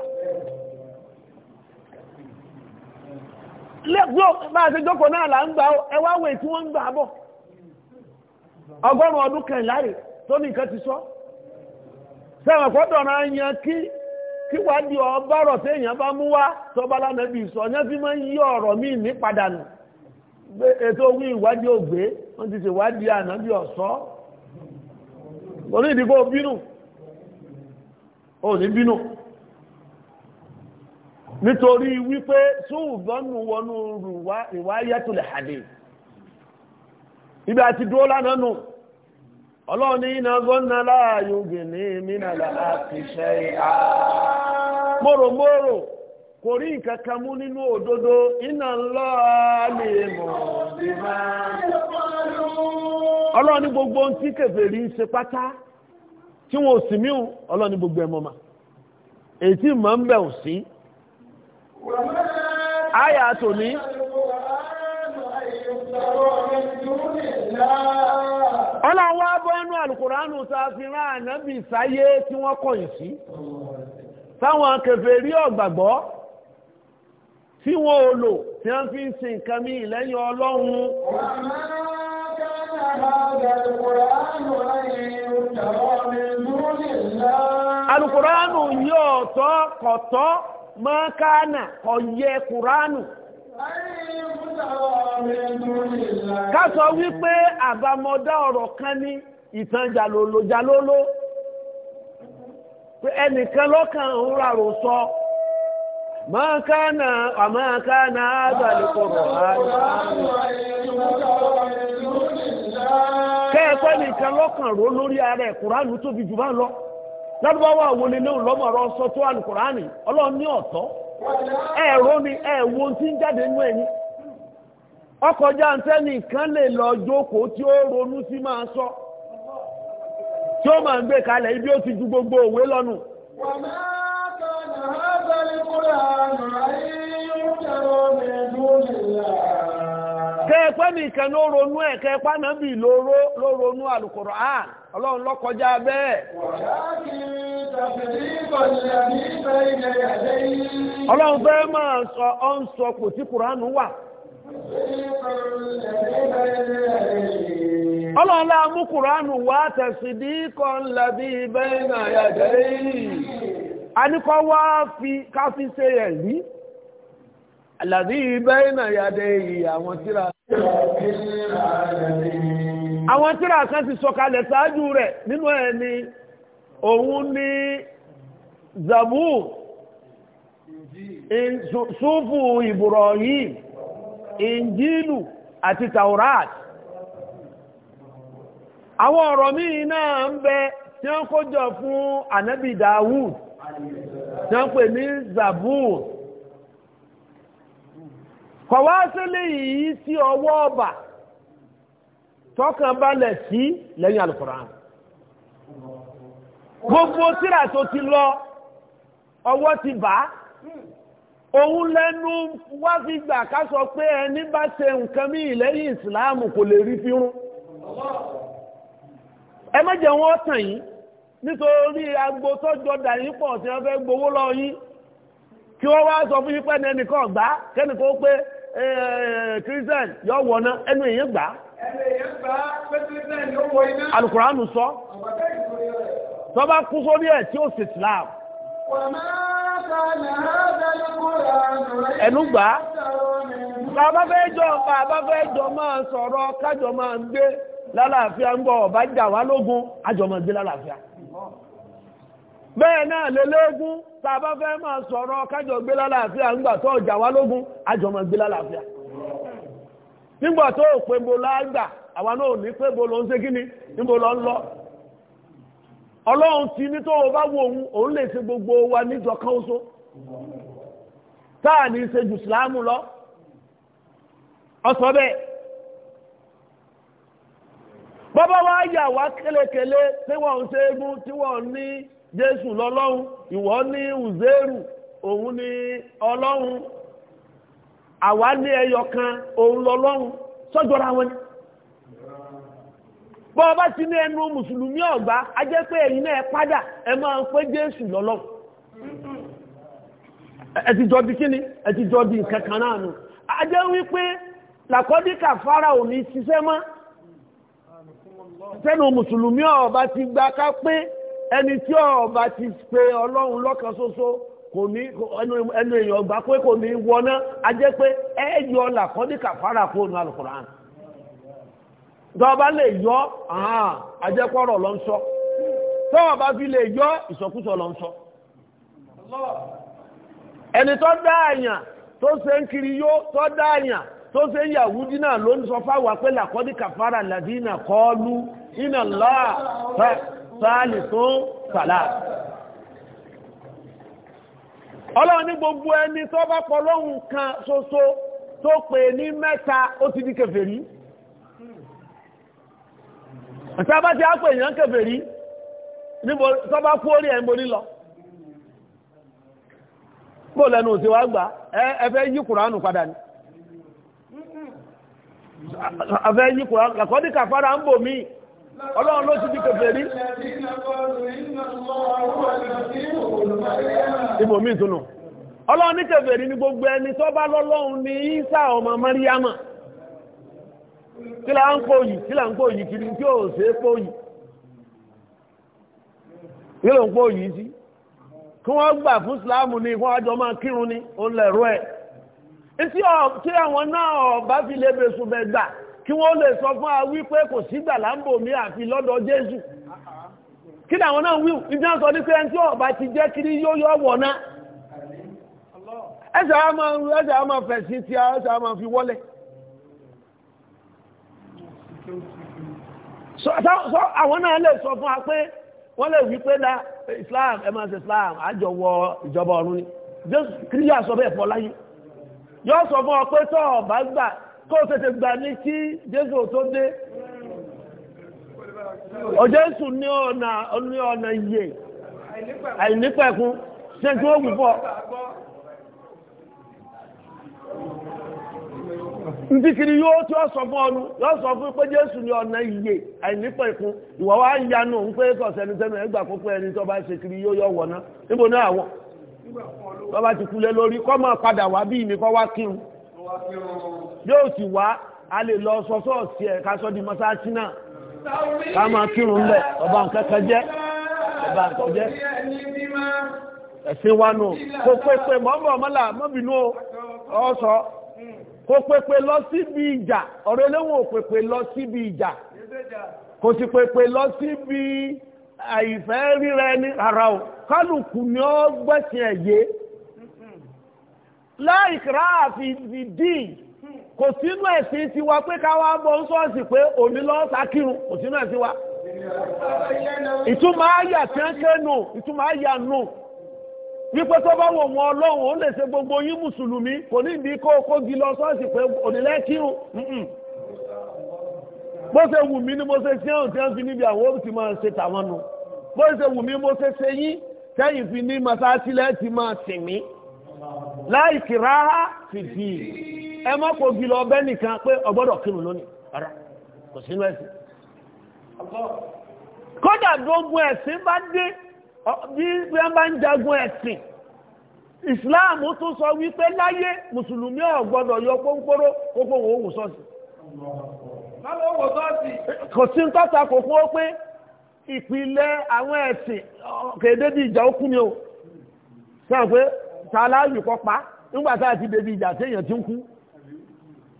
lẹ́gbọ́n bá a ṣe jókòó náà là ń gbà ẹwà wẹ̀ tí wọ́n ń gbà bọ̀. ọgọ́rùn ọdún kan láre tó ní ti sọ sẹ́wọ̀n kọ́dọ̀ ra yan kí kí wá di ọbọ̀rọ̀ tí èèyàn bá mú wá tọ́ba lánàbí sọ yẹn fi máa yí ọ̀rọ̀ ní padà nù ètò owó ìwádìí ògbé wọ́n ti ṣèwádìí ọ̀sọ́ nítorí wípé ibi àti dúró lánàá nù ọlọ́run ní iná gọ́nà láàyò gèlè mínàlá láti ṣe ìhà mọ́rọ̀mọ́rọ̀ kò rí nǹkan mú nínú òdodo iná ńlọ lè mọ̀ gbogbo ohun tí kèfèrí ṣe pátá ọlọ́run wá bọ́ ẹnu àlùkùránù ta fi rán ànábì sáyé tí wọ́n kọ̀yìn sí táwọn kèfèrí ọ̀gbàgbọ́ tí wọ́n ò lò tí wọ́n fi ń ṣe nǹkan mí lẹ́yìn ọlọ́run alùkùránù yóò tọ́ kọ̀tọ́ mọ́kánà kọ̀yẹ kùránù ká sọ wípé àbámọ̀dá ọ̀rọ̀ kan ní ìtàn jalolo jalolo ẹnìkan lọ́kàn ń rárò sọ máa ká náà àmọ́ ká náà àgbàlẹ̀kọ̀ kẹ́ẹ̀kọ́ nìkan lọ́kàn ró lórí ara ẹ̀ tóbi jù bá lọ lọ́dún bá náà ẹ̀rọ ni ẹ̀wọ̀n tí ń jáde nínú ẹ̀yìn ọkọjá ntẹ́ni kan lè lọ jókòó tí ó ronú sí máa sọ tí ó máa ń gbé kalẹ̀ ibi ó ti ju gbogbo òwe lọ́nu. kúrò àná ayé yóò jẹ́ kẹ́ẹ̀pẹ́ nìkan ló ronú ẹ̀ kẹ́ẹ̀pá náà bì ló ronú Al-Qur'an ọlọ́run ló kọjá bẹ́ẹ̀. ọlọ́run fẹ́ máa sọ ọ́ ń sọ kò tí kùránù wà. ọlọ́run láà mú kùránù wá tẹ̀sídì kan lẹ́bí bẹ́ẹ̀ náà yàjẹ́ yìí. a ní kọ́ wá fi àlàdí ìbẹ́ẹ̀nà yàdẹ èyí àwọn tíra àwọn tíra kan ti sọ̀kalẹ̀ sáájú rẹ̀ nínú ẹ̀ ni òun ni zabu ṣúfù Ibrahim injilu àti taurat àwọn ọ̀rọ̀ míì náà ń bẹ tí wọ́n kójọ fún ànábì Dawud tí wọ́n pè ní zabu kọ̀wáṣẹ́lẹ̀ yìí sí ọwọ́ ọba tọ́kàn balẹ̀ sí lẹ́yìn alùkùrán gbogbo tírà tó ti lọ ọwọ́ ti bá òun lẹ́nu wá fi gbà ká sọ pé ẹni bá ṣe nǹkan mí lẹ́yìn ìsìláàmù kò lè rí fírún ẹ má jẹ́ wọ́n tàn yín nítorí agbo tọ́jọ́ dà yín pọ̀ tí wọ́n fẹ́ gbowó lọ yín kí wọ́n wá sọ fún yín pẹ́ ní ẹnìkan gbá kẹ́nìkan ó pé kírísítẹ́n yọ wọ ná ẹnu èèyàn gbà. ẹnu èèyàn gbà pé kírísítẹ́n yóò wọ iná. alukóránù sọ. tọ́ba kú sórí ẹ̀ Islam. ẹnu gbà. bàbá fẹ́ jọ bàbá fẹ́ jọ máa sọ̀rọ̀ kájọ máa ń gbé lálàáfíà ń bọ̀ ọ̀bá jà wá lógun àjọmọ̀ gbé lálàáfíà. bẹ́ẹ̀ náà lélógún tàbá fẹ́ máa sọ̀rọ̀ kájọ gbé lálàáfíà nígbà ọjà wá lógún àjọmọ̀ gbé lálàáfíà nígbà tó òpè mo lágbà àwa náà ní pé mo ń sé kí ni ń lọ ọlọ́run ti ní tó o bá wo òun òun lè ṣe gbogbo wa níjọ kan oṣó táà ní ṣe jù síláàmù lọ ọsọ bẹ́ẹ̀ bàbá wa yà wá kélekèle tí wọ́n ń ṣe tí wọ́n ní jésù lọ́lọ́run ìwọ ní ùzẹ́rù òun ní ọlọ́run àwa ní ẹyọ kan òun lọ́lọ́run sọ́jọ́ra wọn ni bọ́ ti ní ẹnu mùsùlùmí ọ̀gbá pé ẹ̀yin náà padà ẹ máa pé jésù lọ́lọ́run ẹ ti di kíni ẹ wípé làkọ́díkà fara ò ní ṣiṣẹ́ mọ́ sẹ́nu mùsùlùmí ọ̀gbá ti gbà ká ẹni tí ọba ti pe ọlọ́run lọ́kan ṣoṣo kò ní ẹnu èèyàn gbà pé kò ní wọná a jẹ́ pé ẹ yọ làkọ́dí kàfàrà kó nu alukoran tọ́ọ̀bá lè yọ àjẹpọ̀rọ̀ ló ń sọ tọ́ọ̀bá fi lè yọ ìsọkúsọ ló ń sọ ẹni tó dá àyàn tó ṣe ń kiri yó tó dá àyàn tó ṣe ń yàwúdí náà ló ń sọ fáwọn pé làkọ́dí kàfàrà làdínà kọ́ lu iná láà sálìsó sàlát ọlọ́run ní gbogbo ẹni tó bá pọ̀ kan ṣoṣo tó pè ní mẹ́ta ó ti di kèfèrí bá ti á èèyàn kèfèrí tó bá kú orí ẹ̀ nílọ bó lẹ́nu wá gbà ẹ yí kùránù padà ọlọ́run ló ti di kèfèrí. mi ọlọ́run ní kèfèrí ní gbogbo ẹni tó bá lọ́lọ́run ní isa ọmọ mariama kí là ń pò yìí kí là ń pò yìí kiri tí ò ṣe é pò yìí kí ló ń pò yìí sí kí wọ́n gbà fún ìsìláàmù ni wọ́n àjọ máa kírun kí wọ́n lè sọ fún a wípé kò sígbà lámbò mi àfi lọ́dọ̀ Jésù kí làwọn náà wíwù ìjọ sọ ní pé ẹni tí ọba ti jẹ́ kiri yóò yọ wọ̀ náà ẹsẹ̀ a máa ẹsẹ̀ a máa fẹ̀sí tí a ẹsẹ̀ a máa fi wọ́lẹ̀ sọ àwọn náà lè sọ fún a pé wọ́n lè wí pé Islam ẹ máa Islam àjọ wọ ìjọba ọ̀run ni Jésù kiri yóò sọ bẹ́ẹ̀ fọ́ láyé yóò sọ fún ọ pé tọ́ ọba gbà kó o tètè gbà ní kí jésù tó dé òjésù ní ọ̀nà ní ọ̀nà iye àìnípẹ̀kún tí ó wù ntikiri yóò tí ó sọ fún ọnu yóò sọ fún pé jésù ní ọ̀nà iye àìnípẹ̀kún ìwà wa ń yanu ń pé ẹgbà ẹni tó yọ níbo tó bá ti kulẹ̀ lórí kọ́ máa padà wá yóò sì wá a lè lọ sọ sọ́ọ̀sì ẹ̀ ká sọ di mọ́sáàtì náà ká máa kírun ń bẹ̀ ọba nǹkan kan jẹ́ ọba nǹkan jẹ́ ẹ̀sìn wa nù kó pépé mọ́bọ̀ mọ́là mọ́bìnú ọ̀sọ́ kó pépé lọ síbi ìjà ọ̀rọ̀ eléwọ̀n pépé lọ síbi ìjà kò sì pépé lọ síbi àìfẹ́ ríra ẹni rárá o kálùkù ni ó gbẹ̀sìn ẹ̀yẹ láìkìrá àfi ìdí kò sínú ẹ̀sìn tiwa pé káwá bọ́ ń sọ́ọ̀sì pé òní lọ́ sákírun kò sínú ẹ̀sìn wa ìtumọ̀ ayà tí ń ké nù ìtumọ̀ ayà nù wípé tó bá wò wọn ọlọ́run ó lè ṣe gbogbo yín mùsùlùmí kò ní ìdí kó kó gi lọ sọ́ọ̀sì pé ònílẹ̀ kírun bó ṣe wù mí ni mo ṣe ṣe tí wọ́n fi níbi àwọn òbí máa ṣe tàwọn nù bó ṣe wù mí mo ṣe ṣe yín tẹ́yìn fi ní masáàtì láì ẹ má kó gilọ ọbẹ̀ nìkan pé ọgbọ́dọ̀ kírun lónìí ara kò sínú ẹ̀sìn ẹ̀sìn bá dé bí wọ́n bá ń jagun tún sọ wípé láyé mùsùlùmí ò yọ kónkóró kókó wò wù sọ́ọ̀sì kò sí àwọn ẹ̀sìn kéde bí ìjà ó kú o sọ pé tààlà yìí kọ́ pa nígbà tá a ti ti ń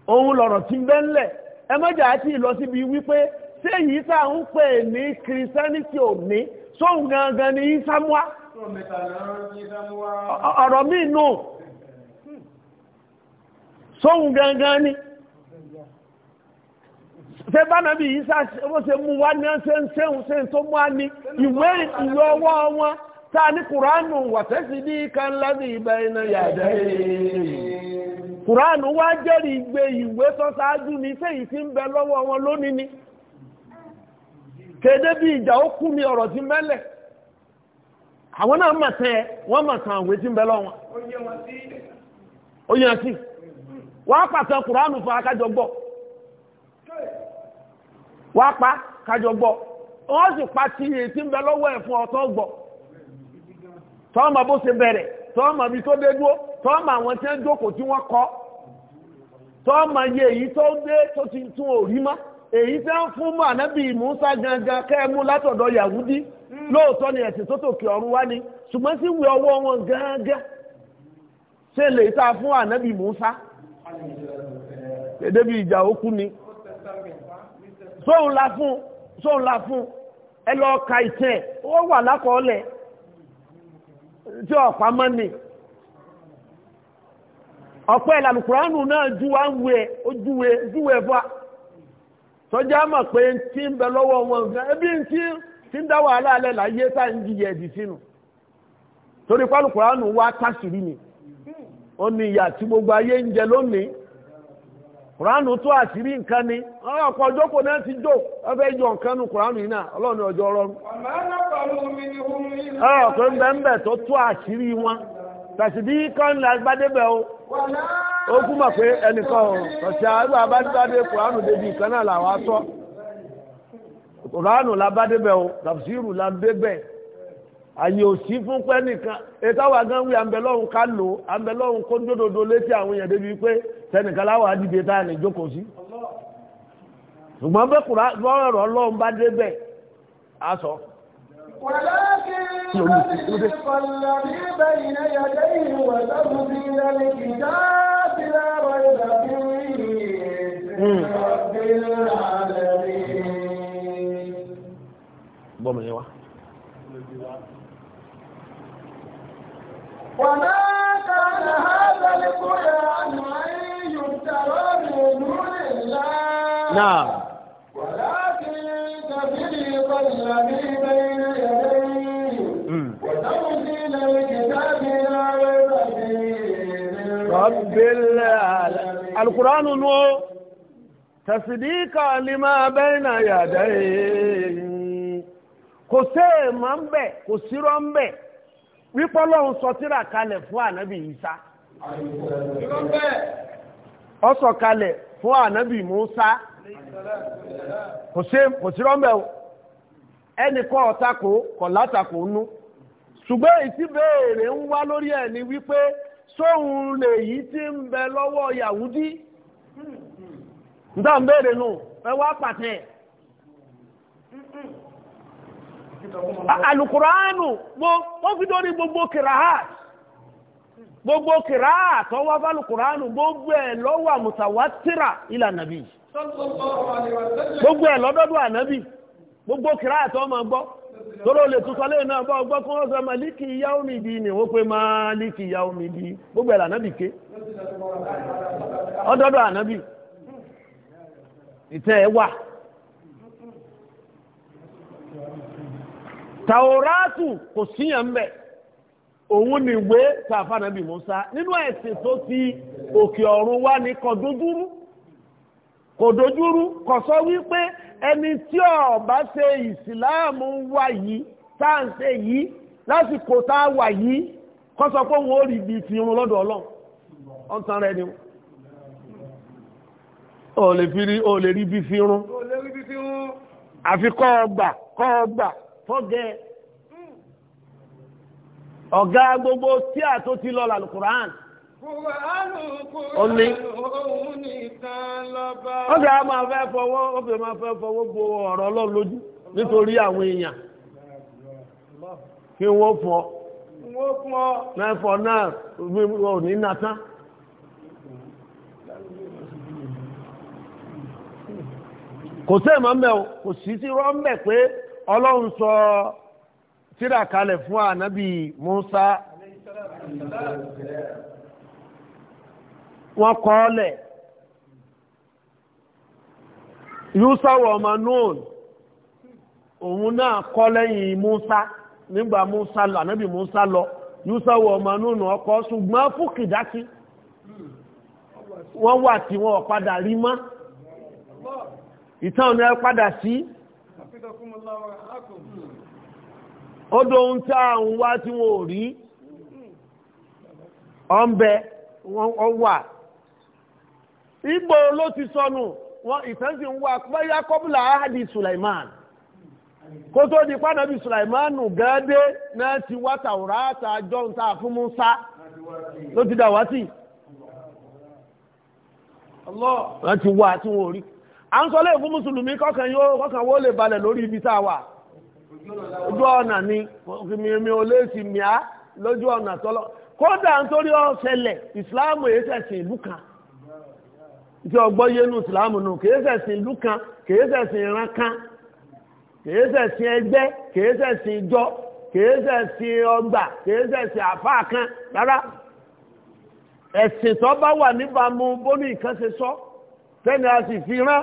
òun lọ̀rọ̀ ti bẹ́ ńlẹ̀ ẹ àti ìlọ wípé ṣé èyí tá ń pè ní gangan ní ọ̀rọ̀ míì nù sóhun gangan ni ṣe bánàbí yìí sá ó ṣe mú wá ní ṣe ń ṣe tó mú wá ní ìwé ìwé wọn a ní kùránù wá jẹ́rìí gbé ìwé tó ṣáájú ni séyìí tí ń bẹ lọ́wọ́ wọn lónìí ni kéde bí ìjà ó kú mi ọ̀rọ̀ ti mẹ́lẹ̀ àwọn náà mà tẹ́ wọ́n mà tàn àwẹ̀ tí ń bẹ lọ́wọ́ ó yẹn sí wọ́n á pàtẹ kùránù fún akájọ gbọ́ wọ́n á pa kájọ gbọ́ wọ́n sì pa tí èyí tí ń bẹ lọ́wọ́ ẹ̀ fún ọ̀tọ́ gbọ́ tọ́ ọmọ bó bẹ̀rẹ̀ tọ́ọ̀mà bí tó dé dúó tọ́ọ̀mà àwọn tí ń jókòó tí wọ́n kọ́ ọmọ yẹ èyí tó dé tó ti tún òrí mọ́ èyí ń fún mọ́ ànábì gangan kẹ́ẹ̀mú látọ̀dọ̀ Yahudi lóòótọ́ ni ẹ̀sìn tó tòkè ọ̀run wá ni ṣùgbọ́n sí ṣe lè ta fún ànábì Mùsá débi ìjà òkú ni sóun la fún sóun la fún ẹ lọ ka ìtẹ́ wà tí ọ̀pá mọ́ ni ọ̀pẹ́ ìlànàkùránù náà júwe áwùwẹ̀ ojúwe júwe fún wa tọ́jà mọ̀ pé tí ń bẹ lọ́wọ́ wọn ẹbí tí tí ń dá wàhálà láyé tá ń ẹ̀dì sínú torí pálùkùránù wá gbogbo ayé ń jẹ kùránù tó àṣírí nǹkan ni ọ̀pọ̀ ọjọ́kò náà ti jò ọbẹ̀ jọ nǹkan nu kùránù yìí náà ọlọ́run ọjọ́ rọrùn. ọ̀pọ̀ ń bẹ ń bẹ̀ tó tó àṣírí wọn tàṣìbí kan là gbádébẹ̀ o náà làwọn la bá débẹ̀ o la débẹ̀ àyè òsì fún pẹ́ nìkan ètàwà gan wí àmbẹ̀lọ́hun ká lò àmbẹ̀lọ́hun kó dódòdó létí àwọn èèyàn débi pé tẹnìkan láwà á dìde tá à ní jókòó sí ṣùgbọ́n bẹ́ẹ̀ kùrá lọ́rọ̀ ọlọ́run bá dé bẹ́ẹ̀ á sọ. ولكن الذي الذي بين يديه وتنزيل الكتاب لا ريب فيه رب العالمين وما كان هذا القرآن الله القرآن نو تصديقا لما بين يديه kò sí èèmọ̀ ń bẹ̀ kò wípọ́ lọ́hun sọ tíra kalẹ̀ fún ànábì Ìsá ó sọ kalẹ̀ fún ànábì Mùsá kò sí rọ́mbẹ̀ o ẹnìkọ́ ọ̀tako kọ̀ látàkò nú ṣùgbọ́n ìtí béèrè ń wá lórí ẹ̀ ni wípé sóhun lèyí tí ń bẹ lọ́wọ́ Yahudi ń dá ń béèrè nù ẹ wá pàtẹ́ ẹ̀. alukuraanu wọ́n fi dórí gbogbo kirahat gbogbo kirahat wọ́n wá fálukuraanu gbogbo ẹ̀ lọ́wọ́ mutawatira ila nabi gbogbo ẹ̀ lọ́dọ́dọ́ ànábì gbogbo kirahat wọ́n máa gbọ́ tọ́lọ́ lè tún sọlé náà bá ọgbọ́ kún ọ́sọ màlíkì ìyá omi di ni ó pé màlíkì ìyá omi gbogbo ẹ̀lá náà bì ké ọdọ́dọ̀ ànábì ìtẹ́ ẹ wà tàwọ́rátù kò síyàn bẹ̀ òun ni ìwé tààfà nàbì Musa nínú ẹ̀sìn tó ti òkè ọ̀run wá ní kò dojúrú kò dojúrú kò sọ wípé ẹni tí ó bá ṣe ìsìláàmù wà yìí tá à ń ṣe yìí lásìkò tá a wà yìí kó sọ pé òun ò rí ibi ti irun lọ́dọ̀ Ọlọ́run ọ̀ ń rẹ ni o lè rí ibi fi irun àfi ọgbà kọ́ ọgbà oge ọ̀gá gbogbo tí a tó ti lọ làlùkùrán. Omi. Ọ̀gá a máa fẹ́ fọwọ́ ọ̀fẹ́ máa fẹ́ fọwọ́ bo ọ̀rọ̀ ọlọ́run lójú nítorí àwọn èèyàn kí wọ́n fọ́ mẹ́fọ́ náà ò ní natán. kò sí ẹ̀mọ́ mbẹ́ o kò sí sí rọ́ mbẹ́ pé ọlọ́run sọ tírà kalẹ̀ fún ànábì Musa wọ́n kọ́ ọ lẹ̀ Yusa wọ̀ ọmọ Nun òun náà kọ́ lẹ́yìn Musa nígbà Musa lọ ànábì Musa lọ Yusa wọ̀ ọmọ Nun ọkọ̀ ṣùgbọ́n fúkìdákì wọ́n wà tí wọ́n padà rí mọ́ ìtàn ọ̀nà ẹ padà sí. Si odò ohun tá ti ń wá tí wọn ò rí ọ̀nbẹ wọn wà ló ti sọnù wọn ń wá kó tó di Sulaimanu gẹ́ẹ́dẹ́ náà ti wá tàwùrá àtàjọ́ ta fún Musa ló ti wọ́n ti wá tí rí à ń sọ lè fún mùsùlùmí kọ́kàn yóò kọ́kàn wó lè balẹ̀ lórí ibi tá ojú ọ̀nà ni mi ò lè sì mìá lójú ọ̀nà tọ́lọ́ kódà nítorí ọ̀sẹ̀lẹ̀ ìsìláàmù èyí ṣẹ̀sìn ìlú kan tí ọgbọ́n yé nu ìsìláàmù nù kìí ṣẹ̀sìn ìlú kan kìí ṣẹ̀sìn ìran kan kìí ṣẹ̀sìn ẹgbẹ́ kìí ṣẹ̀sìn ìjọ kìí ọgbà kìí àfáà kan rárá ẹ̀sìn tó bá wà níbàámu bóní ìkànṣe sọ tẹ́ni a sì fi rán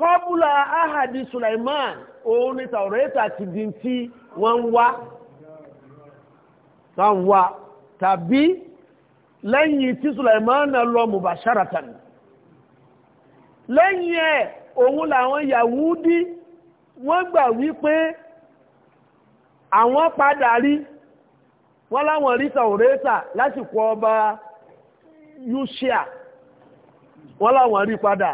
kọ́bùlà ahadi Sulaiman òun ni tàwọ̀rẹ́ta ti di tí wọ́n wá tán wá tàbí lẹ́yìn tí Sulaiman lọ mubasharatan lẹ́yìn ẹ̀ òun làwọn Yahudi wọ́n gbà wípé àwọn padà rí wọ́n láwọn rí tàwọ̀rẹ́ta lásìkò ọba Yúṣíà wọ́n láwọn rí padà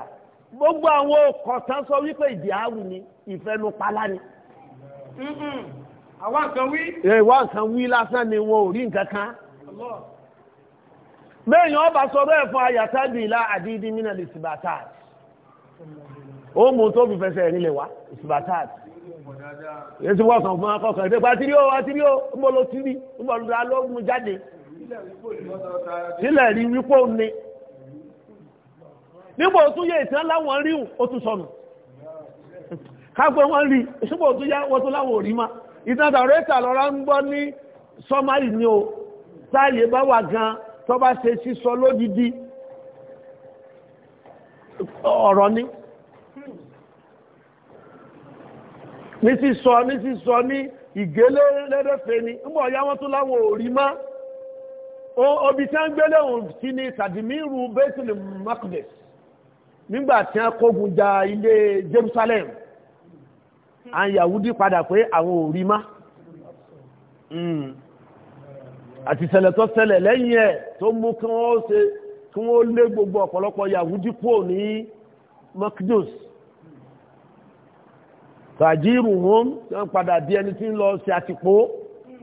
gbogbo àwọn ọkọ̀tàn sọ wípé ìdíhàwù ni ìfẹnupalá ni. àwa nǹkan wí. ìwà nǹkan wí lásán ni wọn ò rí nǹkan kan. bẹ́ẹ̀ yẹn ọba sọ bẹ́ẹ̀ fún ayàtàbí ilá àdídí mínà lè sibataat ó mú tó fi fẹsẹ̀ nílẹ̀ wá sibataat yẹn ti wọ́n kàn fún akọ́kàn ìdè pa tírí o àtírí o ń bọ̀ ló tírí ń bọ̀ ló dáa ló mú jáde. sílẹ̀ rí wípé òun ni nígbà òtún yẹ ìtàn láwọn ríhùn ó tún sọnù kágbé wọn rí ìṣúgbà òtún yá wọ́n tún láwọn òrí ma ìtàdà rẹ́ta lọ́ra ń gbọ́ ní sọ́márì ni o táyé bá wà gan tó bá ṣe sísọ lódìdí ọ̀rọ̀ ni ní sísọ ní sísọ ní ìgélé ni nígbà ọ̀yá wọ́n tún láwọn òrí ma obi tí wọ́n gbélé òun sí ni tàdímírù bẹ́tìlì makdis nígbà tí wọ́n kógun ja ilé Jerusalem àwọn Yahudi padà pé àwọn ò rí má hmm. àti ṣẹlẹ̀ tó ṣẹlẹ̀ lẹ́yìn ẹ̀ tó mú kí wọ́n ṣe kí wọ́n lé gbogbo ọ̀pọ̀lọpọ̀ Yahudi kúrò ní Makdus tàjíìrù wọn wọ́n padà di ẹni tí ń lọ sí àtìpó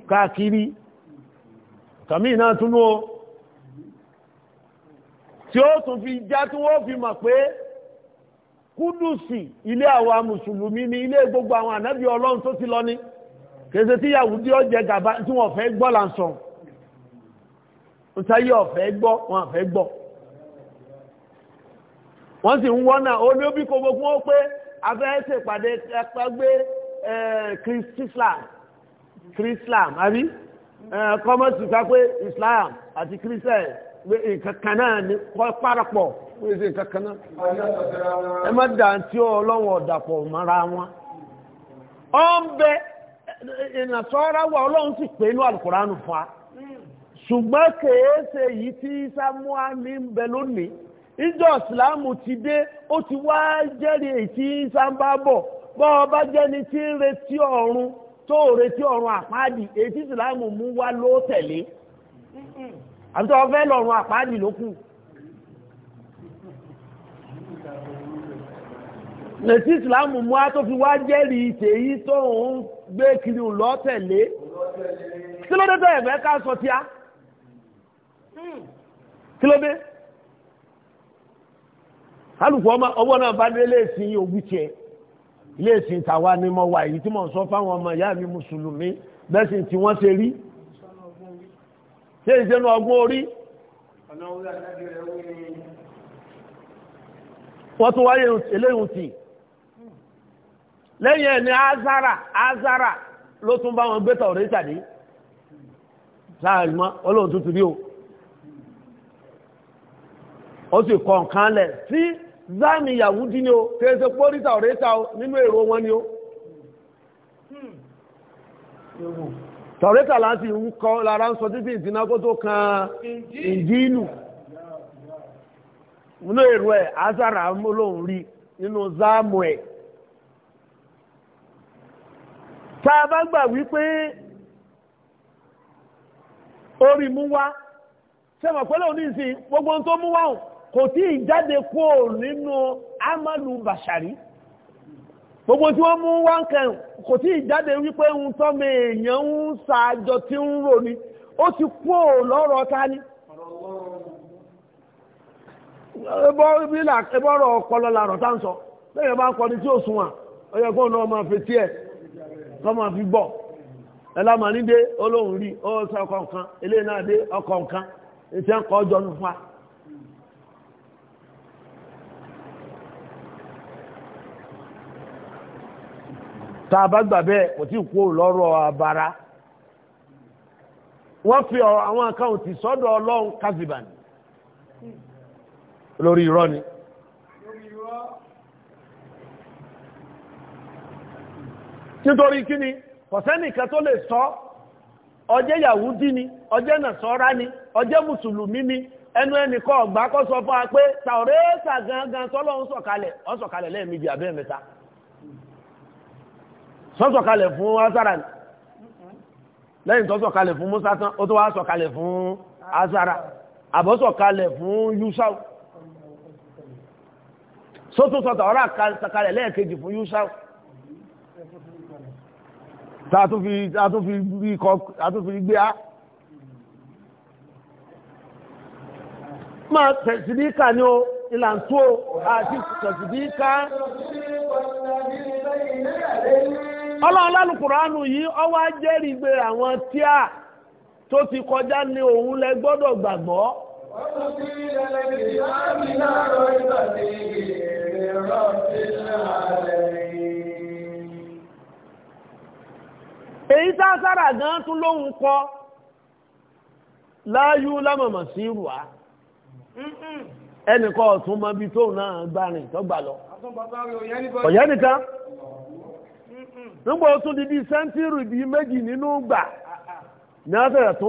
káàkiri kàmí náà túnú o tí ó tún fi já tí wọ́n fi mọ̀ pé kúdùsì ilé àwa mùsùlùmí ni ilé gbogbo àwọn ànábì ọlọ́run tó ti lọ ní kèsè tí yahudi ọjẹ gàba tí wọ́n fẹ́ gbọ́ là ń sọ ntáyé ọ̀fẹ́ gbọ́ wọn àfẹ́ gbọ́ wọ́n sì ń wọ́nà olóbi kò gbogbo wọn pé afẹ́ ṣèpàdé ẹgbẹ́ kristislam kristislam àbí kọ́mọ̀sì ká pé islam àti christian nǹkan kan náà ni parapọ̀ wọ́n ṣe nǹkan kan náà. ẹ má dà tí ọlọ́wọ́ ọ̀dàpọ̀ ọ ń bẹ ìnàsọ́ra wa ọlọ́run sì pé inú àlùkòránù fún wa. ṣùgbọ́n kèé ṣe èyí tí sámúà ní ń lónìí. ti dé ó ti wá jẹ́rìí èyí tí sábà bọ̀ bọ́ ọ bá jẹ́ni tó àbí tó fẹ́ lọ́rùn àpáàdì ló kù. lẹ́tí ìsìláàmù mú a tó fi wá jẹ́rìí tèyí tó ń gbé kiri lọ tẹ̀lé kí ló dé tó ẹ̀fẹ́ ká sọ tíá hmm. kí ló dé kálùkù ọmọ ọwọ́ náà bá dé léèsìn ògùchẹ léèsìn tàwa ni mo wà èyí tí mo sọ fáwọn ọmọ ìyá mi mùsùlùmí bẹ́sìn tí wọ́n ṣe rí ṣé ìṣẹ́nu ọgbọ́n orí wọ́n tún wáyé eléyìí tì lẹ́yìn ẹ̀ ní azara azara ló tún bá wọn gbé tọ̀rọ̀ ìtàdé sáàmọ́ olóhùn tuntun o ó sì kọ̀ nǹkan lẹ̀ sí ni o kéèsè pórítà ọ̀rẹ́ta nínú èrò wọn ni o. Hmm. tọ̀rẹ́tà láti ń kọ́ lára ń sọ títí ìsìná kó tó kan ìjínú inú èrò ẹ̀ azara amúlòun rí nínú záàmù ẹ̀ tá a bá gbà wípé orí mú wá sẹ́mọ̀ pẹ́lẹ̀ oníṣìn gbogbo tó mú wá kò tí ì jáde kúrò nínú amalu bàṣàrí gbogbo tí wọ́n mú wá ń kẹ́ kò tí ì jáde wípé ń tọ́mọ èèyàn ń ṣàjọ tí ń rò ni ó ti kú ò lọ́rọ̀ ta ni. ẹbọ́rọ̀ ọpọlọ làrọ̀ tá ń sọ lẹ́yìn bá ń kọni tí ó sùn wà ọyọ kó náà máa fi tiẹ̀ kó máa fi bọ̀ ẹlámàní dé olóhùn rí ó sọ ọkọ̀ nǹkan eléyìí náà dé ọkọ̀ nǹkan ètí ẹ̀ ń kọ́ ọjọ́ nípa. tá a bá gbà bẹ́ẹ̀ kò tí kú lọ́rọ̀ abara wọ́n fi àwọn àkáǹtì sọ́dọ̀ ọlọ́run kaziban lórí irọ́ ni nítorí kíni kọ̀sẹ́nìkan tó lè sọ ọjẹ́ yahudi ni ọjẹ́ nàṣọ́rá ni ọjẹ́ mùsùlùmí ni ẹnu ẹnìkan ọgbà kọ́ sọ fún wa pé tàwọ́rẹ́sà gangan tọ́lọ́ ń sọ̀kalẹ̀ ń sọ̀kalẹ̀ lẹ́ẹ̀mejì àbẹ́ẹ̀mẹ́ta sọ́sọ̀kalẹ̀ fún azara lẹ́yìn tọ́sọ̀kalẹ̀ fún musa tán ó tó wá sọ̀kalẹ̀ fún azara àbọ́sọ̀kalẹ̀ fún yusau sótún sọ̀tà ọ̀rá sọ̀kalẹ̀ lẹ́ẹ̀kejì fún yusau tààtúfi gbé á máa tẹ̀sìdíkà ní o ìlàntó àti tẹ̀sìdíkà Thank you ọlọ́run lálùkùránù yìí ó wá jẹ́rìí gbé àwọn tíà tó ti kọjá ní òun lẹ gbọ́dọ̀ gbàgbọ́ èyí tá sára gan tún lóhun kọ láyú lámọ̀mọ̀ sí ìrùwá ẹnìkan ọ̀tún mọ́bí tóun náà gbárin tó gbà lọ ọ̀yẹ́ nígbà ó tún di bí sẹ́ńtírì bíi méjì nínú gbà ní wọ́n tó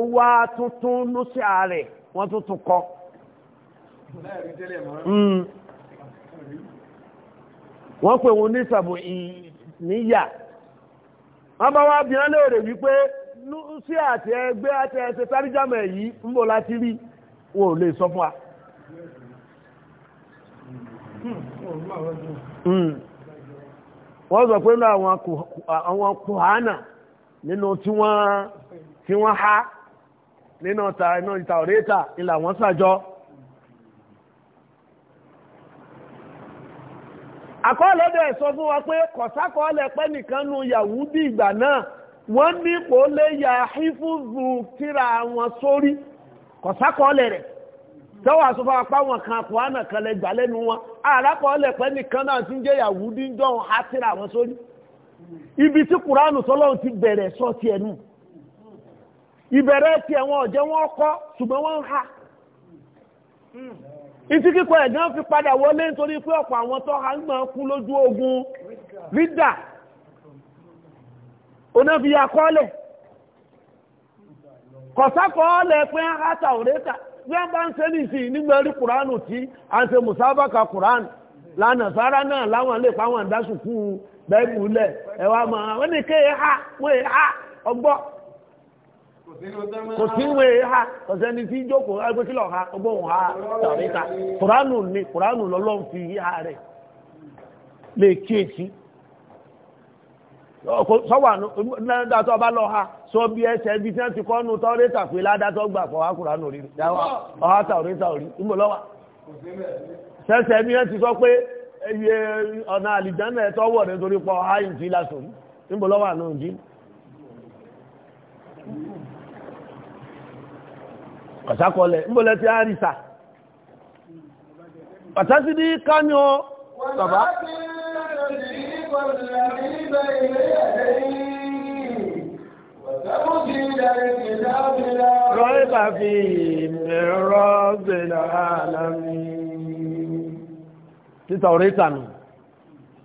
tuntun ààrẹ wọ́n tún tún kọ́. Hmm. wọ́n pè wọn ní sàbò níyà wọ́n bá wá bí wọ́n léèrè wípé sí àti ẹgbẹ́ àti ẹsẹ̀ sáríjàmẹ̀ yìí ń bò láti rí wọ́n sọ pé nínú àwọn kùhánà nínú tí wọ́n tí há nínú ìta òrétà ilà wọ́n sàjọ. àkọọ́lẹ̀ dẹ̀ sọ fún wa pé kọ̀sákọọ́lẹ̀ pẹ́ nìkan nu yahudi ìgbà náà wọ́n ní kò lè yà hífúzù tíra wọn sórí kọ̀sákọọ́lẹ̀ rẹ̀. tọ́wọ́ àsọfọ́ apá wọn kan kùhánà kan lẹ gbà lẹ́nu wọn àràpọ̀ lẹ̀pẹ́ nìkan náà ti ń jẹ́ ìyàwó dídán hátìrà wọn sórí ibi tí kùránù tọ́lọ́run ti bẹ̀rẹ̀ sọ tiẹ̀ nù ìbẹ̀rẹ̀ tiẹ̀ wọn ọ̀jẹ́ wọn kọ́ ṣùgbọ́n wọ́n ń ha ìtí kíkọ́ ẹ̀gán fi padà wọlé nítorí pé ọ̀pọ̀ àwọn tó ha ń gbọ́n kú lójú ogun rídà onáfíà kọ́lẹ̀ kọ̀sákọ́ọ́lẹ̀ pé ń hátà òrétà bí a bá ń ṣe ní ìsìn nígbà rí a ń ṣe mùsáfàkà kùránù lè pàwọn ìdásùkú bẹ́ẹ̀bù lẹ̀ ẹ̀wà máa wọ́n ní kéè e ha wọ́n e ha ọgbọ kò sí wọ́n e ha ọ̀sẹ́ni tí ha ni kùránù fi ha lè ọba lọ ha sọ bí ẹsẹ̀ ibi tí wọ́n ti kọ́ nu tọ́rẹ́tà pé gbà fọ́ akùrà nòrí ọ̀há tàwọ́rẹ́tà òrí ńgbò lọ́wà sẹ́sẹ̀ bí wọ́n ti sọ pé iye ọ̀nà àlìjánà ẹ̀ tọ́wọ̀ rẹ̀ torí pọ̀ ọ̀há lásòrí ńgbò lọ́wà jí ọ̀sákọlẹ̀ pàtàkì ní kánú ريب فيه من رب العالمين تتوريتا نو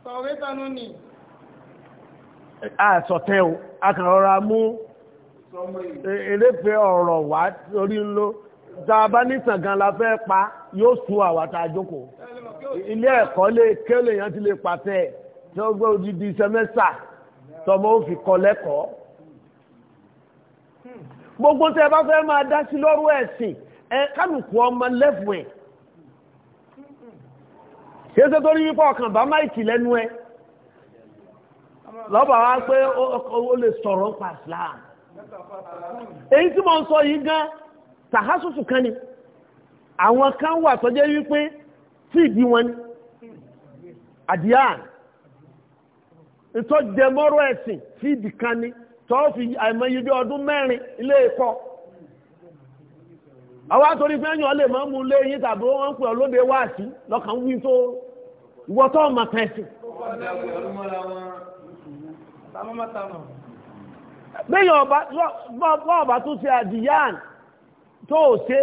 توريتا نو ني a sọ̀tẹ́ o a kàn rọra mú elépe ọ̀rọ̀ wá orí ń ló tá a bá ní sàngán la fẹ́ pa yóò sú àwa tá a jókòó ilé ẹ̀kọ́ lè kéèlè yẹn ti lè pàtẹ́ tí ó gbé odidi sẹ́mẹ́sà tọmọ ó fi kọ́ lẹ́kọ̀ọ́ gbogbo tẹ́ bá fẹ́ máa dá sí lọ́rọ̀ ẹ̀sìn ẹ kálukú ọmọ lẹ́fù ẹ̀ ṣe tó rí wípọ̀ ọkàn bá máìkì lẹ́nu ẹ lọ́bàá wá pé ó lè sọ̀rọ̀ pa Islam èyí tí mo ń sọ yìí gan tàhásùsù kan ni àwọn kan wà tó jẹ́ wípé tí ìdí wọn ni àdíyàn ìtọ́jẹmọ́rọ̀ ẹ̀sìn tí ìdí kan ni tọ́ọ̀fì àìmọye bí ọdún mẹ́rin ilé ẹ̀kọ́ àwọn àtòrí pé èèyàn lè máa mú ilé yín tàbí wọ́n ń pè ọ́ lóde wáàsí lọ́kàn wí tó ìwọ tó ọmọ kan ẹ̀sìn. béèyàn ọba tún ṣe àdìyàn tó ò ṣe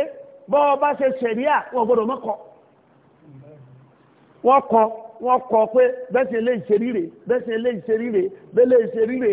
bọ́ ọba ṣe ṣẹ̀ríà wọ́n gbọ́dọ̀ mọ́kọ wọ́n kọ wọ́n kọ pé bẹ́sẹ̀ lè ṣe ríre bẹ́sẹ̀ lè ṣe ríre bẹ́lẹ̀ ṣe ríre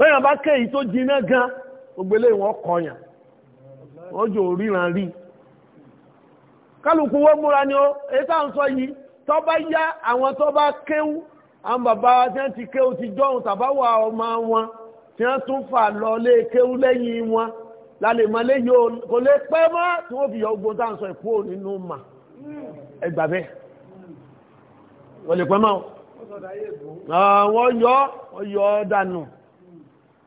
lẹ́yìn bá kéyìí tó jiná gan gbogbo eléyìí kọyàn wọ́n jò ríran rí kálukú wọ́n múra ni ó èyí tá ń sọ yìí tó bá yá àwọn tó bá kéwú àwọn bàbá tí wọ́n ti kéwú ti jọ́hun tàbáwà ọmọ wọn tí wọ́n tún fà lọ lé kéwú lẹ́yìn wọn lálẹ́ mọ́ léyìí kò lè pẹ́ mọ́ tí wọ́n fi yọ ogun tá ń sọ ìkú nínú mà ẹgbàá bẹ́ẹ̀ wọ́n lè pẹ́ mọ́ o àwọn ah, yọ ọyọ dànù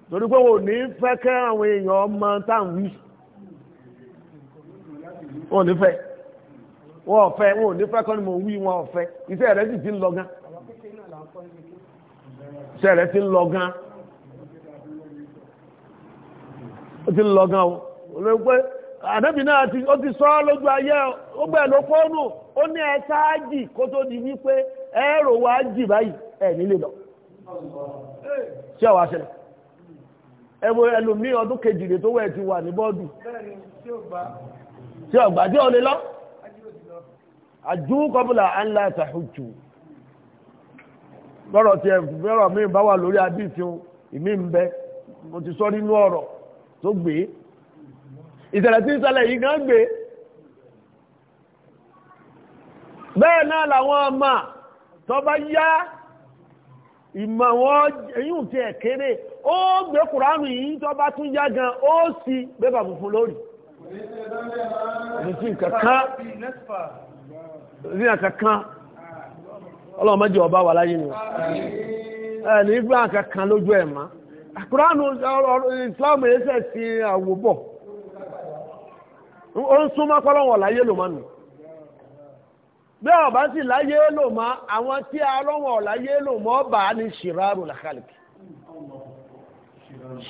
torí pé wò ní fẹ́ kẹ́ àwọn èèyàn ọmọ táà ń wí wọn ò ní fẹ́ wọn ò fẹ́ wọn ò ní fẹ́ kọ́ ni mo wí wọn ò iṣẹ́ rẹ̀ sì ti ń lọ iṣẹ́ rẹ̀ ti ń lọ ó ti ń lọ o olóyún ànábì náà ti ó ti sọ lójú ayé ó gbẹ̀ ló ó ní ẹ sáájì kó tó di wípé ẹ wa jì báyìí ẹ nílé lọ ṣé ọ̀wá ṣẹlẹ̀ ẹ wo ọdún kejìlè tó wẹ̀ ti wà ní bọ́ọ̀dù ṣé tí ò lè lọ àjú kọ́bùlà lọ́rọ̀ sọ nínú ọ̀rọ̀ tó ìṣẹ̀lẹ̀ tí ń ṣẹlẹ̀ yìí gan gbé bẹ́ẹ̀ náà làwọn ọmọ tó bá yá ìmọ̀ wọn èyún ti ẹ̀kéré ó gbé kùránù yìí tó bá tún yá gan ó sì bébà funfun lórí ní àkàkán ọlọ́mọdé ọba wà láyé ni ẹ̀ nígbà àkàkán lójú ẹ̀ má kùránù ìsìláàmù ẹ̀ṣẹ̀ ti àwòbọ̀ ó ń súnmọ́ kọ́lọ́wọ̀n láyé lò mánu bí ọba sì láyé lò má àwọn tí alọ́wọ̀n láyé lò mọ́ bá ní ṣìráàrù làkàlìkì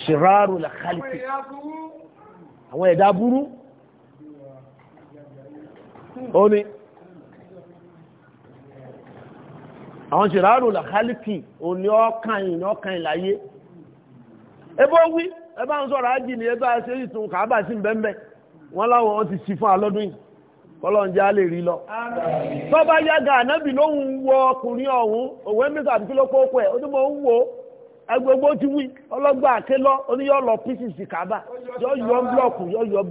ṣìráàrù làkàlìkì àwọn ẹ̀dá burú ó ní àwọn ṣìráàrù làkàlìkì ò ní ọkàn ìní ọkàn ìláyé ebó wí ẹbá ń sọ̀rọ̀ ájì ní ẹbá ṣe ìtùn kàábà sí bẹ́ẹ̀ bẹ́ẹ̀ wọ́n láwọn ti sí fún alọ́dún yìí a lè rí lọ. bọ́bá yága ànábì ló wọ ọkùnrin ọ̀hún òwe mẹ́ta àbí kí ló ẹ̀ ń ti wí ọlọ́gbà àké lọ oníyọ́ lọ písìsì kábà yọ yọ yọ yọ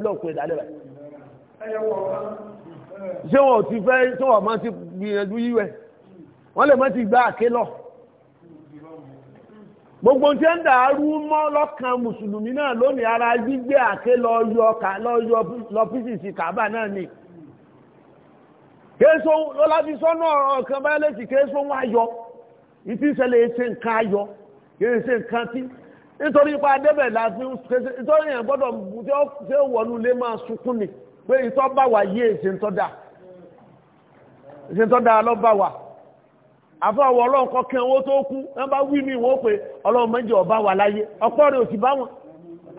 ṣé wọn ò ti fẹ́ ṣé wọn máa ti gbìyànjú yíwẹ̀ wọ́n gbogbo tí ń dàrú mọ́ lọ́kàn mùsùlùmí náà lónìí ara gbígbé àké lọ yọ lọ́fíìsì kàbà náà ni kéèso lọ́láfíìsọ́nà ọ̀rọ̀ kan báyẹ̀ lẹ́sì kéèso wá yọ ìtí ìṣẹ̀lẹ̀ ṣe nǹkan ayọ̀ kéèṣe nǹkan tí nítorí ipa adébẹ̀ láti kéèṣe nítorí yẹn gbọ́dọ̀ tí ó ṣe wọnú lé máa sunkún ni pé ìtọ́ bá wà yé ìṣèǹtọ́dà ìṣèǹtọ́dà lọ́ bá wà. àfọwọ́ ọlọ́run kọ́ kí owó tó kú wọ́n bá wí mi wọ́n pé ọlọ́run ọba wà láyé ọ̀pọ̀ rẹ̀ bá wọn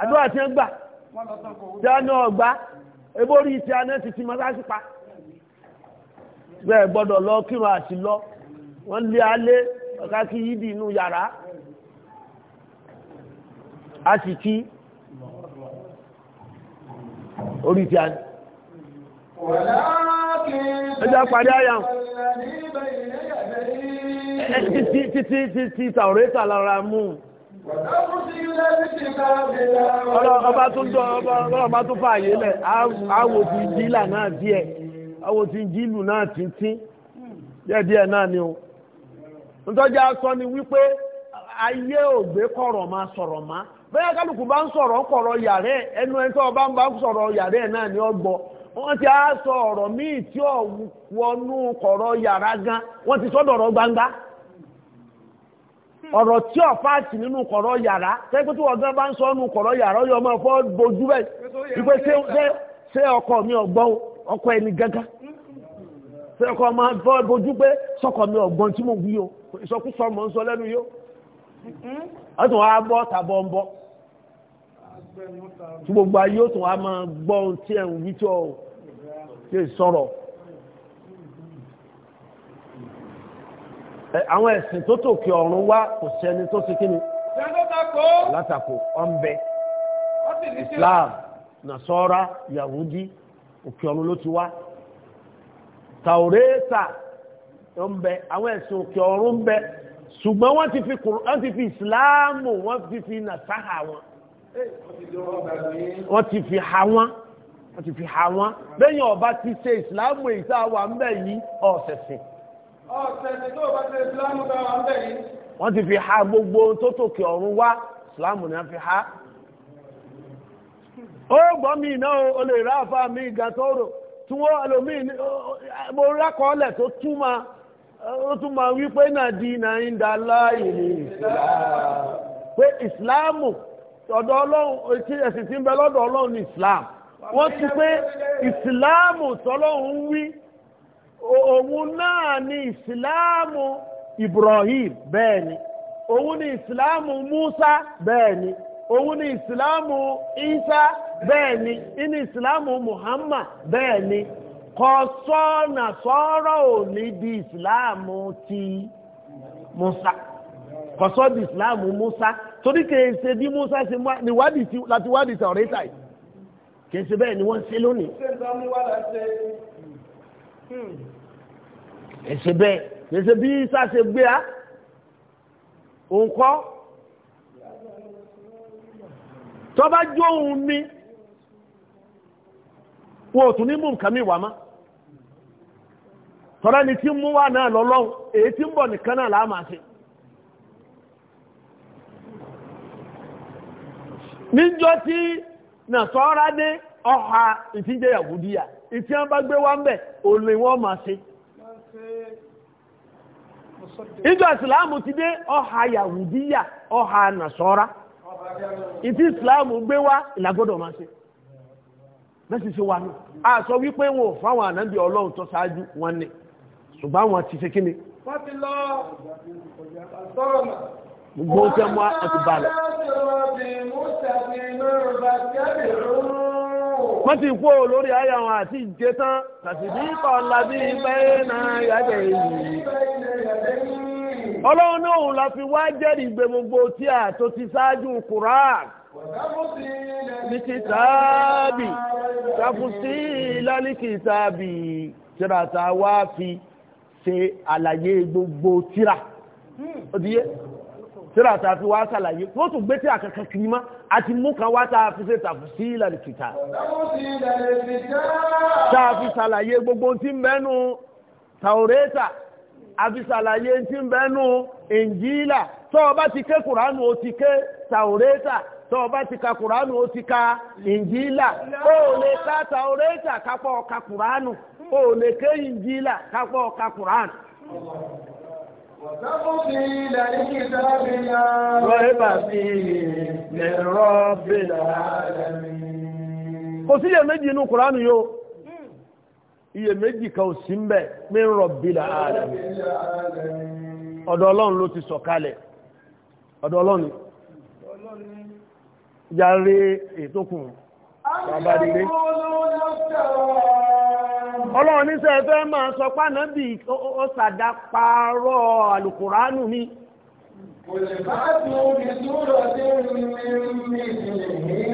àdúrà tí ń gbà tí a ní ọgbà ebórí tí a ní ti ti mọ́sáàsì pa bẹ́ẹ̀ gbọ́dọ̀ lọ kírun àti lọ wọ́n lé alé ọ̀ká kí yídì kí orí ẹjọ́ parí àyà títí títí tàwọ̀rẹ́ta lára mú ọba tó ọba tó fààyè lẹ̀ àwò jílà náà díẹ̀ àwò jílù náà díẹ̀díẹ̀ o sọ ni wípé ayé ògbé kọ̀rọ̀ ma sọ̀rọ̀ ma. bẹ́ẹ̀ kálukú bá ń sọ̀rọ̀ kọ̀rọ̀ yàrá ẹ̀ ọba ń bá ń sọ̀rọ̀ yàrá náà ni ọgbọ́ wọ́n ti á sọ ọ̀rọ̀ míì tí ò wọnú kọ̀rọ̀ yàrá gan wọ́n ti sọ́dọ̀ ọ̀rọ̀ gbangba ọ̀rọ̀ tí ò fáàtì nínú kọ̀rọ̀ yàrá tí bá ń sọ kọ̀rọ̀ yàrá yọ fọ́ dojú bẹ́ẹ̀ wípé ọkọ mi gbọ́ ọkọ ẹni gángan ṣé ọkọ máa fọ́ pé sọkọ mi tí mo wí o tí gbogbo ayé ó tún wá máa gbọ́ ohun tí ẹ̀ ń wí tí ọ ti kíni ọ̀nbẹ Islam Yahudi òkè ọ̀run ló ti wá ọ̀nbẹ àwọn ẹ̀sìn òkè ọ̀run ń bẹ ṣùgbọ́n wọ́n wọ́n ti fi ha wọ́n wọ́n ti fi ha wọ́n lẹ́yìn ọba ti ṣe ìsìlámù èyí tá a wà ń bẹ̀ yìí ọ̀sẹ̀sìn. ọ̀sẹ̀sìn tó o bá ṣe ìsìlámù tá a wà ń bẹ̀ yìí. wọ́n ti fi ha gbogbo ohun tó tòkè ọ̀run wá ìsìláàmù ni wọ́n fi ha. ó gbọ́ mi iná o lè rá àfa mi ìgbà tó rò tí wọ́n ẹlòmíì mo rákọọ́lẹ̀ tó túmọ̀ ó túmọ̀ wípé náà di náà ń da láàyè ní ìsìláàmù pé ìsìláàmù ọ̀dọ̀ ọlọ́run etí ẹ̀sìn tí ń bẹ lọ́dọ̀ ọlọ́run ní islam wọ́n ti pé ìsìláàmù tọ́lọ́run wí òun náà ni ìsìláàmù ibrahim bẹ́ẹ̀ ni òun ni ìsìláàmù musa bẹ́ẹ̀ ni òun ni ìsìláàmù isa bẹ́ẹ̀ ni inú ìsìláàmù muhammad bẹ́ẹ̀ ni kò sọ́nà sọ́rọ̀ òní di ìsìláàmù ti musa kọ̀sọ́dì islam musa torí kìí ṣe bí musa ṣe mú níwádìí tí láti wádìí tí ọ̀rẹ́ tàì kìí ṣe bẹ́ẹ̀ ni wọ́n ṣe lónìí. kìí ṣe bẹ́ẹ̀ kìí ṣe bí isa ṣe gbé a òǹkọ́ tọ́ba jó òun mi wọn ò tún ní mú nǹkan mi wà má tọ́lá ni tí mú wà náà lọ́lọ́run èyí tí ń bọ̀ nìkan náà làá máa ṣe. níjọ́ tí nàṣọ́ra dé ọ̀hà ìtìjẹ́ yàgùdíyà ìtì bá gbé wá ń òlè máa ṣe. ìjọ ìsìláàmù ti dé ọ̀hà yàgùdíyà ọha nàṣọ́ra ìtì ìsìláàmù gbé wá ìlàgbọ́dọ̀ máa ṣe mẹ́sì ṣe wà ní àṣọ wípé wọn ò fáwọn ànábì ọlọ́run tó ṣáájú wọn ni ṣùgbọ́n gbogbo tẹ́ mọ́ ẹ ti balẹ̀. wọ́n ti kú olórí ayé àwọn àti ìjẹ tán tàbí kọ́ńlá bí bẹ́ẹ̀ náà yàtọ̀ èyí. ọlọ́run náà òun la fi wá jẹ́rìí gbé gbogbo tí a tó ti ṣáájú Qur'an ní kìtàbì tàbùsí ìlànà kìtàbì tíra tá fi ṣe àlàyé gbogbo tíra tíra ta a fi wá sàlàyé wọ́n tún gbé tí a kankan kiri mọ́ àti mú kan wá tá a fi ṣe tàbí sí ìlànà kìtà. tá a fi sàlàyé gbogbo tí ń bẹ́nu tàwórẹ́tà a fi sàlàyé tí ń bẹ́nu ìnjílà tó o bá ti ké kùránù o ti ké tàwórẹ́tà tó o bá ti ka kùránù o ti ka ìnjílà o lè ka tàwórẹ́tà kápọ̀ ka kùránù o lè ké ìnjílà kápọ̀ ka kùránù. Rọ́ìbà sí lẹ̀rọ bèèrè ààrẹ. Kò sí iye méjì inú Kùránù yóò, hmm. iye méjì kan ò sí mbẹ̀ mí rọ̀ bèèrè ààrẹ. Ọ̀dọ̀ Ọlọ́run ló ti sọ̀kalẹ̀. Ọ̀dọ̀ Ọlọ́run. Jàre ètòkùn. Bàbá dìde. Àwọn ọmọ ọlọ́run ní sẹ́ẹ̀ fẹ́ máa sọ pánàbì ó sàdá parọ́ alùkùránù mi.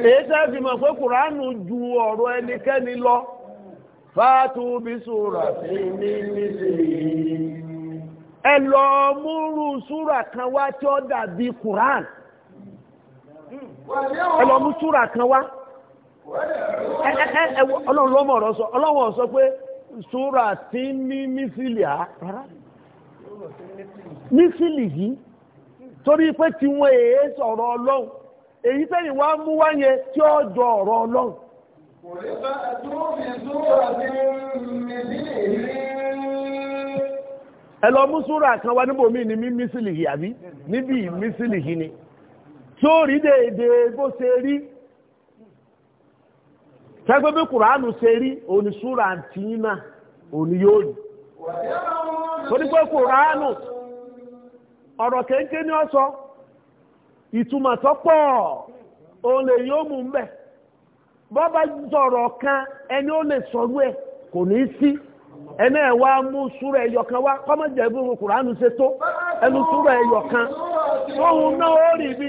èyí sẹ́ẹ̀ fi mọ̀ pé kùránù ju ọ̀rọ̀ ẹnikẹ́ni lọ fàtú bí sùúrà sí ní nísìnyí. ẹ lọ múrù sùúrà kan wá tí ó dàbí kùránù ẹ lọ mú sùúrà kan wá ọlọ́run ló ọ̀rọ̀ sọ ọlọ́run sọ pé. súra tí ń ní mísìlì á rárá mísìlì yìí torí pé tí wọ́n èé sọ̀rọ̀ ọlọ́run èyí tẹ́yìn wá mú wáyé tí ó jọ ọ̀rọ̀ ọlọ́run. ẹ lọ mú súra kan wá níbòmí ni mí mísìlì yìí àbí níbi mísìlì yìí ni tí ó rí déédéé bó ṣe rí tẹ́gbẹ́ bí kùránù seri rí òní súra àǹtí náà òní pé kùránù ọ̀rọ̀ kéńké ní ọ̀sọ́ ìtumọ̀ òun lè kan ẹni ó lè sọ̀rọ̀ ẹ̀ kò ní sí ẹni ẹ̀ wá mú súra ẹ̀yọ̀kan wá kọ́mọ̀jẹ̀ bí kùránù ṣe tó ẹnu náà ó rí bí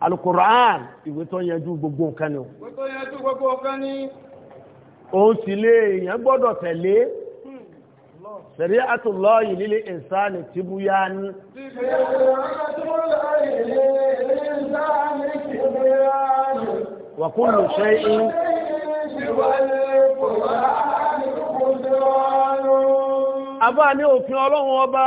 alukur'an ìwé tó yanjú gbogbo nǹkan ni o. ìwé tó yanjú gbogbo nǹkan ni. òun sì lè èèyàn gbọ́dọ̀ tẹ̀lé sẹ̀rí àtúlọ́ yìí nílé ìsáni tí bú yá ní. wàkúlù ṣe ń. àbá ní òfin ọlọ́run ọba.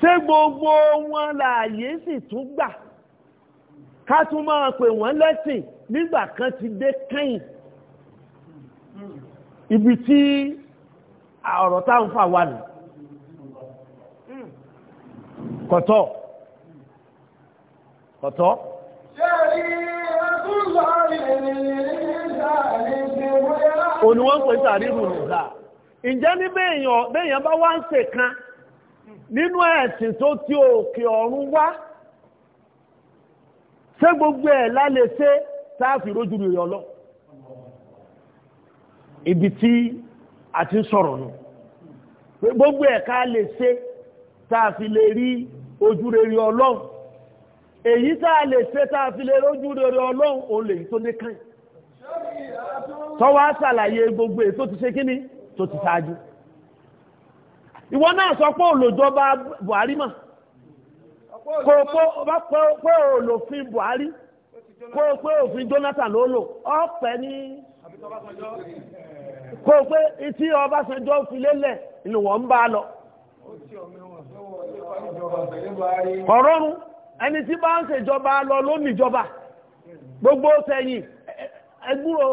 ṣé gbogbo wọn láàyè sì tún gbà ká tún máa pè wọ́n lẹ́sìn nígbà kan ti dé kẹ́yìn ibi tí ọ̀rọ̀ táwọn fà wà nù kọ̀tọ̀ kọ̀tọ̀. òní wọ́n ń pè sàrírù nìza ǹjẹ́ ní béèyàn bá wá ń ṣe kan nínú ẹ̀sìn tó ti òkè ọ̀run wá ṣé gbogbo ẹ̀ lálẹ́ ṣe sáàfì rójú rẹ̀ ọlọ́ ibi tí a ti sọ̀rọ̀ nù gbogbo ẹ̀ ká lè ṣe sáàfì lè rí ojú rẹ̀ ọlọ́run èyí tá a lè ṣe tá a fi lè rójú rẹ̀ ọlọ́run òun lèyí tó ní kàn tọ́wọ́ á ṣàlàyé gbogbo èyí tó ti ṣe kíni tó ti ṣáájú. ìwọ náà sọ pé olùjọba Buhari mọ̀ kó pé olùfin Buhari kó pé òfin Jonathan ló lò ọ̀pẹ ní kó pé tí Ọbásanjọ́ fi lélẹ̀ wọn lọ. ọ̀rọ̀run ẹni tí bá ń lọ ló níjọba gbogbo sẹ́yìn ẹgbúrò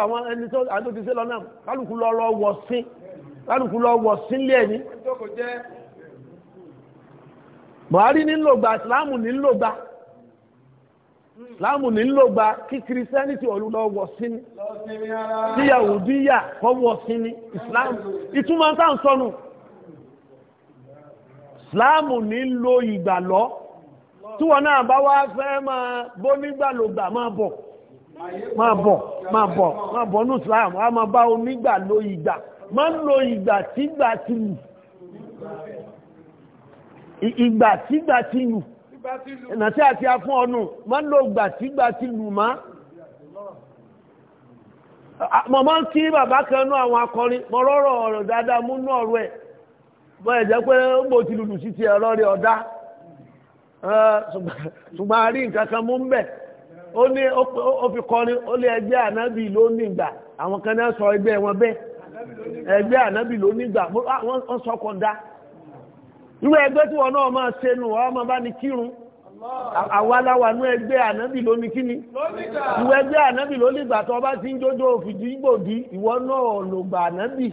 àwọn ẹni tó lọ náà lọ lọ wọ̀ sí. kálukú lọ wọ̀ sílé ni, buhari nílògbà islamu nílògbà islamu nílògbà kí kírísítẹ́nìtì ọ̀lú lọ wọ̀ síni tí yahudiya kọ́ wọ̀ síni islamu ìtumọ̀ tá ń sọnù islamu nílò ìgbàlọ́ tí wọn náà bá wá fẹ́ máa bó nígbàlógbà máa bọ̀ máa bọ̀ máa bọ̀ máa bọ̀ ní islam a máa bá onígbàló ìgbà. máa ń lo ìgbàtígbà ti lù ìgbàtígbà ti lù ìnàtí àti afún ọnù máa ń lo ìgbàtígbà ti lù má mọ̀ máa ń kí bàbá kan náà àwọn akọrin mọ̀ rọ́rọ̀ ọ̀rọ̀ dáadáa mú náà rú ẹ̀ bọ́ ẹ̀jẹ̀ pé ó gbò ti lùlù sí ti ẹ̀rọ rẹ̀ ọ̀dá ṣùgbọ́n a rí nǹkan kan mú ń bẹ̀ ó ní ó fi kọrin ó lé ẹgbẹ́ ànábì ló ní ìgbà àwọn kan náà sọ ẹgbẹ́ wọn bẹ́ẹ̀ ẹgbẹ́ ànábì ló nígbà ah, wọ́n sọkọ̀ dá irú ẹgbẹ́ tí wọn náà máa ṣe nù ọ́ máa bá ní kírun àwa láwa nú ẹgbẹ́ ànábì ló ní kíni ìwọ ẹgbẹ́ ànábì ló nígbà tó bá ti ń jójó òfìdí gbòdì ìwọ náà lògbà ànábì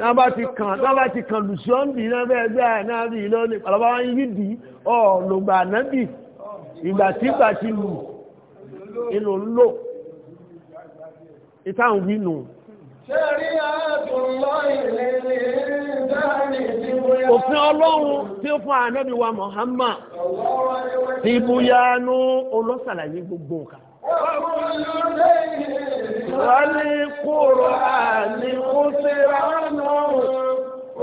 náà bá ti kàn náà bá ti kàn lùsíọ́ǹdì náà bẹ́ẹ̀ ẹgbẹ́ ànábì ló ní pàlọ́bá wọn yí dì ọ́ lògbà ànábì ìgbà tí ìgbà ti lù inú ń lò ìtàn wínú òfin ọlọ́run tí ó fún ànábì wa Muhammad ti búyánú olóṣàlàyé gbogbo nǹkan. wọ́n ní kúrò àní kó síra náà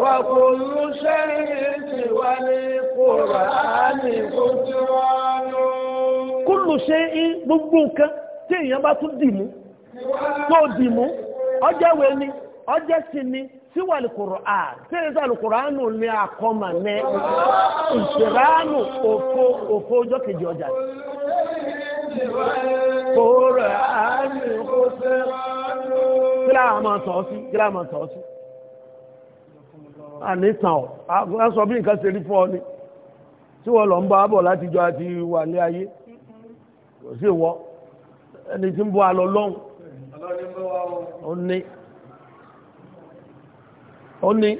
wà kò ló ṣẹ́yìn tí wọ́n ní kúrò àní kó síra náà. kúlù ṣe gbogbo nǹkan tí èèyàn bá tún dì mú tó dì mú ọjẹ́ wẹ̀ ni ọjẹ́ sí ni síwà lùkùrán tí èsà lùkùránù ní àkọmà ní ìṣìránù òfo òfo ọjọ́ kejì ọjà kíláàmà sọ́ọ́sí kíláàmà sọ́ọ́sí àníṣàn ọ̀ a sọ bí nǹkan ṣe rí fún ọ ni tí wọ́n lọ ń bá bọ̀ láti jọ àti wà ní ayé kò sí ìwọ ẹni tí ń bọ́ alọ́ lọ́hùn ó ní ó ní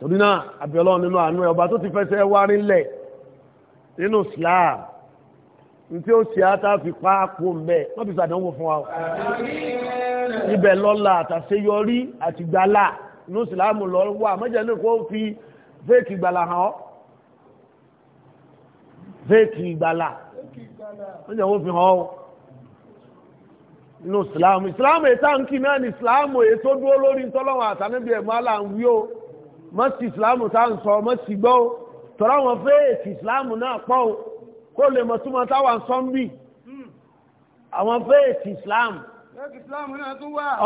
torí náà àbíọ́lọ́ nínú àánú ọba tó ti fẹsẹ̀ wá rílẹ̀ nínú síláà ní tí ó ṣe átá fi pa wọ́n fi sàdánwò fún wa àti lọ wà mọ́jẹ́ ní kó fi fẹ́ẹ̀kì gbàlà hàn ọ́ fẹ́ẹ̀kì nínú ìsìláàmù ìsìláàmù èyí táǹkì náà ní ìsìláàmù èyí tó dúró lórí ntọ́lọ́wọ̀n àtàníbi ẹ̀mọ́ aláǹwí o mọ́sí ìsìláàmù tá à ń sọ mọ́sí gbọ́ o tọ́lá wọn fèèsì ìsìláàmù náà pọ̀ o kó lè mọ̀ túmọ̀ táwọn sọ ń bì àwọn fèèsì ìsìláàmù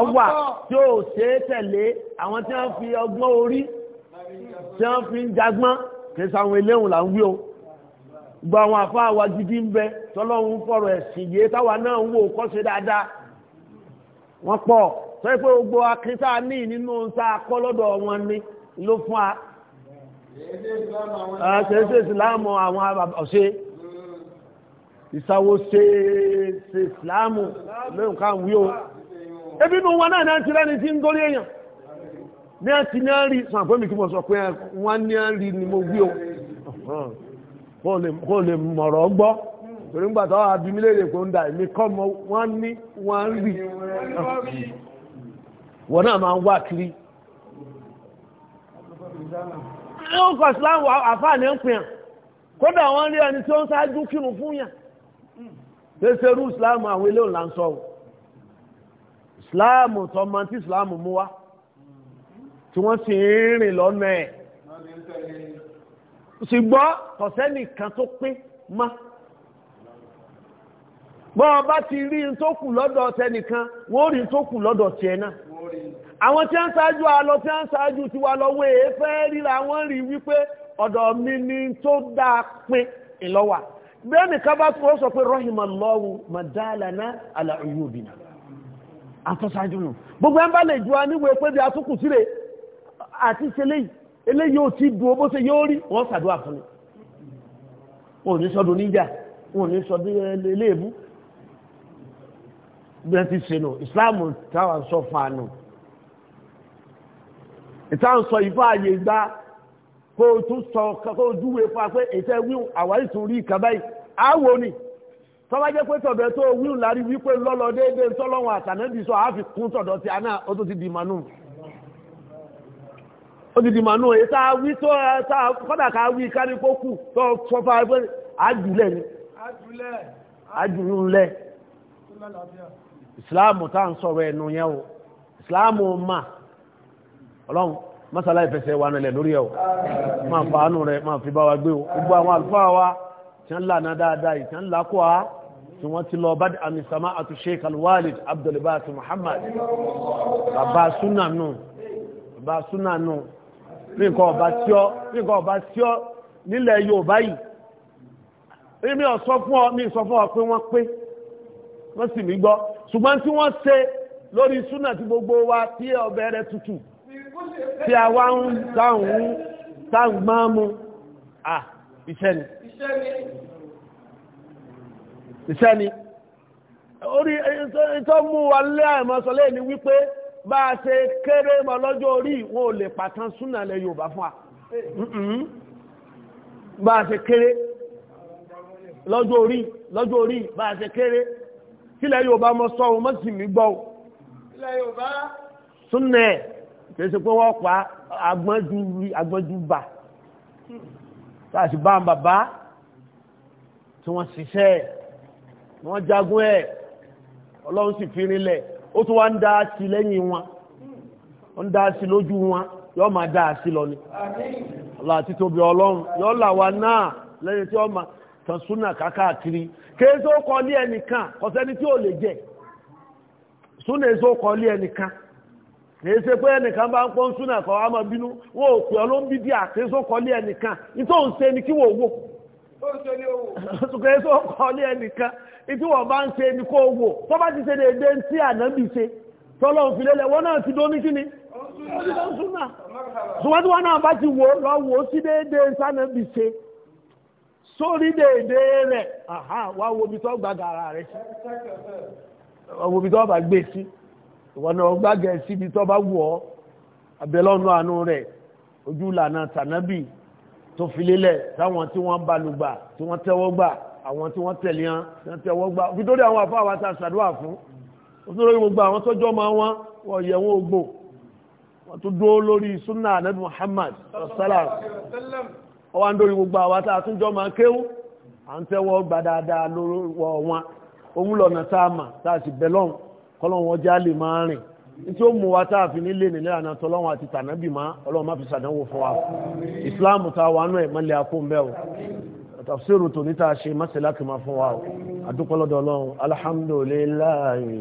ọwà tí ó ṣe é tẹ̀lé àwọn tí wọ́n fi ọgbọ́n orí tí wọ́n fi ń jagbọ́n kì í sàwọn eléhùn là ń wí o gbọ́ àwọn àfáà wa gidi ń bẹ tọ́lọ́run fọ̀rọ̀ ẹ̀sìn yìí táwa náà ń wò kọ́ dáadáa wọ́n pọ̀ sọ pé gbogbo akíntà ní nínú nta kọ́ lọ́dọ̀ wọn ni ló fún wa. ṣèṣe ìsìláàmù àwọn ọ̀ṣẹ́ ìsàwọ̀ ṣe ṣe ìsìláàmù lóyún ká wí o. ebi inú wọn náà náà ti rẹ́ni tí ń dórí èèyàn ní ẹ ti ní ẹ rí sàn fún mi kí mo sọ pé wọ́n ní ẹ rí ni mo wí o kó lè mọ̀rọ̀ gbọ́ torí ń gbàtọ́ àbímílẹ̀ èkó ń da èmi kọ́ mọ wọ́n ní wọ́n ń rí wọ́n náà máa ń wá kiri ó kọ̀ síláàmù àfáàní ń pìyàn kódà wọ́n rí ẹni tí ó ń ṣáájú kírun fún yàn ṣe ṣe rú ìsìláàmù àwọn ilé òǹlà ń sọ o tọmọ tí ìsìláàmù mú wá tí wọ́n sì ń rìn lọ́nà ẹ̀ ṣùgbọ́n kọ̀sẹ́nì kan tó pín máa bọ́ ọ bá ti rí n tó kù lọ́dọ̀ tẹnìkan wọ́n rí n tó kù lọ́dọ̀ tiẹ̀ náà àwọn tí wọ́n ṣáájú alọ tí wọ́n ṣáájú tiwa lọ́wọ́ èé fẹ́ ríra wọ́n rí wípé ọ̀dọ̀ mi ni tó dáa pé ìlọ́wà bẹ́ẹ̀ nìkan bá tún ó sọ pé rọ́hìmọ̀ lọ́wọ́ màdálànà àlàyé òbínà àtọ́sájú nù gbogbo ẹ̀ ń bá lè ju aníwèé pé bí atúkù síre àti ṣẹlẹ̀ eléyìí ò ti dùn bó ṣe yóò rí wọ́n ṣàdúrà fún ni wọn sọdún níjà wọn sọdún eléèbú eh, bí ti ṣe nù ìsìláàmù táwọn sọ fún ìtàn sọ ìfọ àyè gbá kó o tún sọ kó o júwe fún pé ètò àwárí tún rí ìkàbá yìí ni pé tọ̀dọ̀ tó wíwù lárí wípé lọ́lọ́ sọ àáfi kún tọ̀dọ̀ tí a náà ó ti di mànú ó ti di mànú èyí tá a wí tó ẹ tá a kọ́dà ká wí sọ fún pé àjùlẹ̀ ìsìláàmù taa n sọ̀rọ̀ ẹnu yẹn o masala ìfẹsẹ̀ wa nílẹ̀ lórí ẹ̀ o máa fa rẹ̀ máa fi bá wa gbé o gbogbo àwọn àlùfáà wa tí wọ́n lànà dáadáa yìí wọ́n a tí wọ́n ti lọ bàdé àmì àti sheikh alwalid abdulbasi muhammad bàbá bàbá nǹkan ọba tí ọ nílẹ̀ yorùbá yìí ò ṣùgbọ́n tí wọ́n ṣe lórí súnà tí gbogbo wa tí ọbẹ̀ rẹ̀ tutù tí a wá ń dáhùn táǹgbọ́n mu à iṣẹ́ ni iṣẹ́ ni orí tó mú wa lé àìmọ́sọ̀lẹ́ ni wípé bá a ṣe kéré mọ́ lọ́jọ́ orí wọn ò lè pàtàn súnà lẹ Yorùbá fún wa bá a ṣe kéré lọ́jọ́ orí lọ́jọ́ orí bá a ṣe kéré kílẹ̀ yorùbá mọ sọ ohun mọ́sí mi gbọ́ o. kílẹ̀ yorùbá. súnẹ̀ kèsì pé wọ́n pa agbọ́njúbà láti bá àwọn bàbá tí wọ́n ṣiṣẹ́ ẹ̀ wọ́n jagun ẹ̀ ọlọ́run sì fi rinlẹ̀ ó tún wá ń dá sí lẹ́yìn wọn ó ń dá sí lójú wọn yóò máa dá sí lọ ni. àmín. àti tóbi ọlọ́run yóò là wá náà lẹ́yìn tí wọ́n máa. tan súnà kákàkiri kéèso kọlí ẹnìkan kọsẹ́ni tí ò lè jẹ súnà ọkọ ẹnìkan na pé ẹnìkan bá ń pọ́n súnà kọ́ wa máa bínú wọn ò pè ló ń bí díà ẹnìkan nítorí òun ṣe ni kí wọ́n wò kèéso kọlí ẹnìkan nítorí wọ́n bá ń ni kó wò tó bá ti ń tí ànábì wọ́n náà ti tí wọ́n náà bá ti wò sí se. sórí dèédé rẹ̀ wá wo ibi tó gba gàrà rẹ̀ sí wo ibi tó bá gbé sí ìwọ náà gbàgẹ̀ síbi tó bá wù ọ́ abẹ́lọ́nu àánú rẹ̀ ojú ìlànà tànábì tó fi lélẹ̀ táwọn tí wọ́n balùgbà tí wọ́n tẹ́wọ́ gbà àwọn tí wọ́n tẹ̀lé hàn tí wọ́n tẹ́wọ́ gbà fi dórí àwọn àfáà wa ta ṣàdúrà fún òtúnlórí gbogbo àwọn tọ́jọ́ máa wọ́n wọ́n yẹ wọ́n ògbò wọ́n tún dúró lórí sunnah anabi muhammad sallallahu alaihi wasallam ọwá ń dórí gbogbo àwa tá a tún jọ máa kéwú à ń tẹ́wọ́ gbà dáadáa lọ́wọ́ wọn lọ́nà a mà tá wọn já lè máa rìn tí ó mú wa fi nílé nílé àná àti tànábì má má fi ṣàdánwò fún wa islam tá a mọ́lẹ̀ àkóńbẹ́ o tafsiru tòní adúpọ́lọ́dọ̀ ọlọ́run alhamdulillahi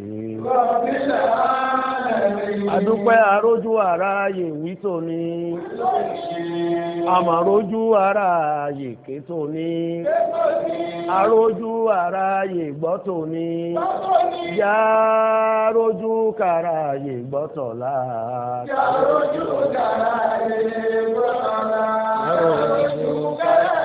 adúpẹ́ arójú aráyè wí tóní àmàrójú aráyè ké tóní arójú aráyè gbọ́ tóní yá arójú kàráyè gbọ́ tọ̀la. yá arójú kàráyè gbọ́ tọ̀la.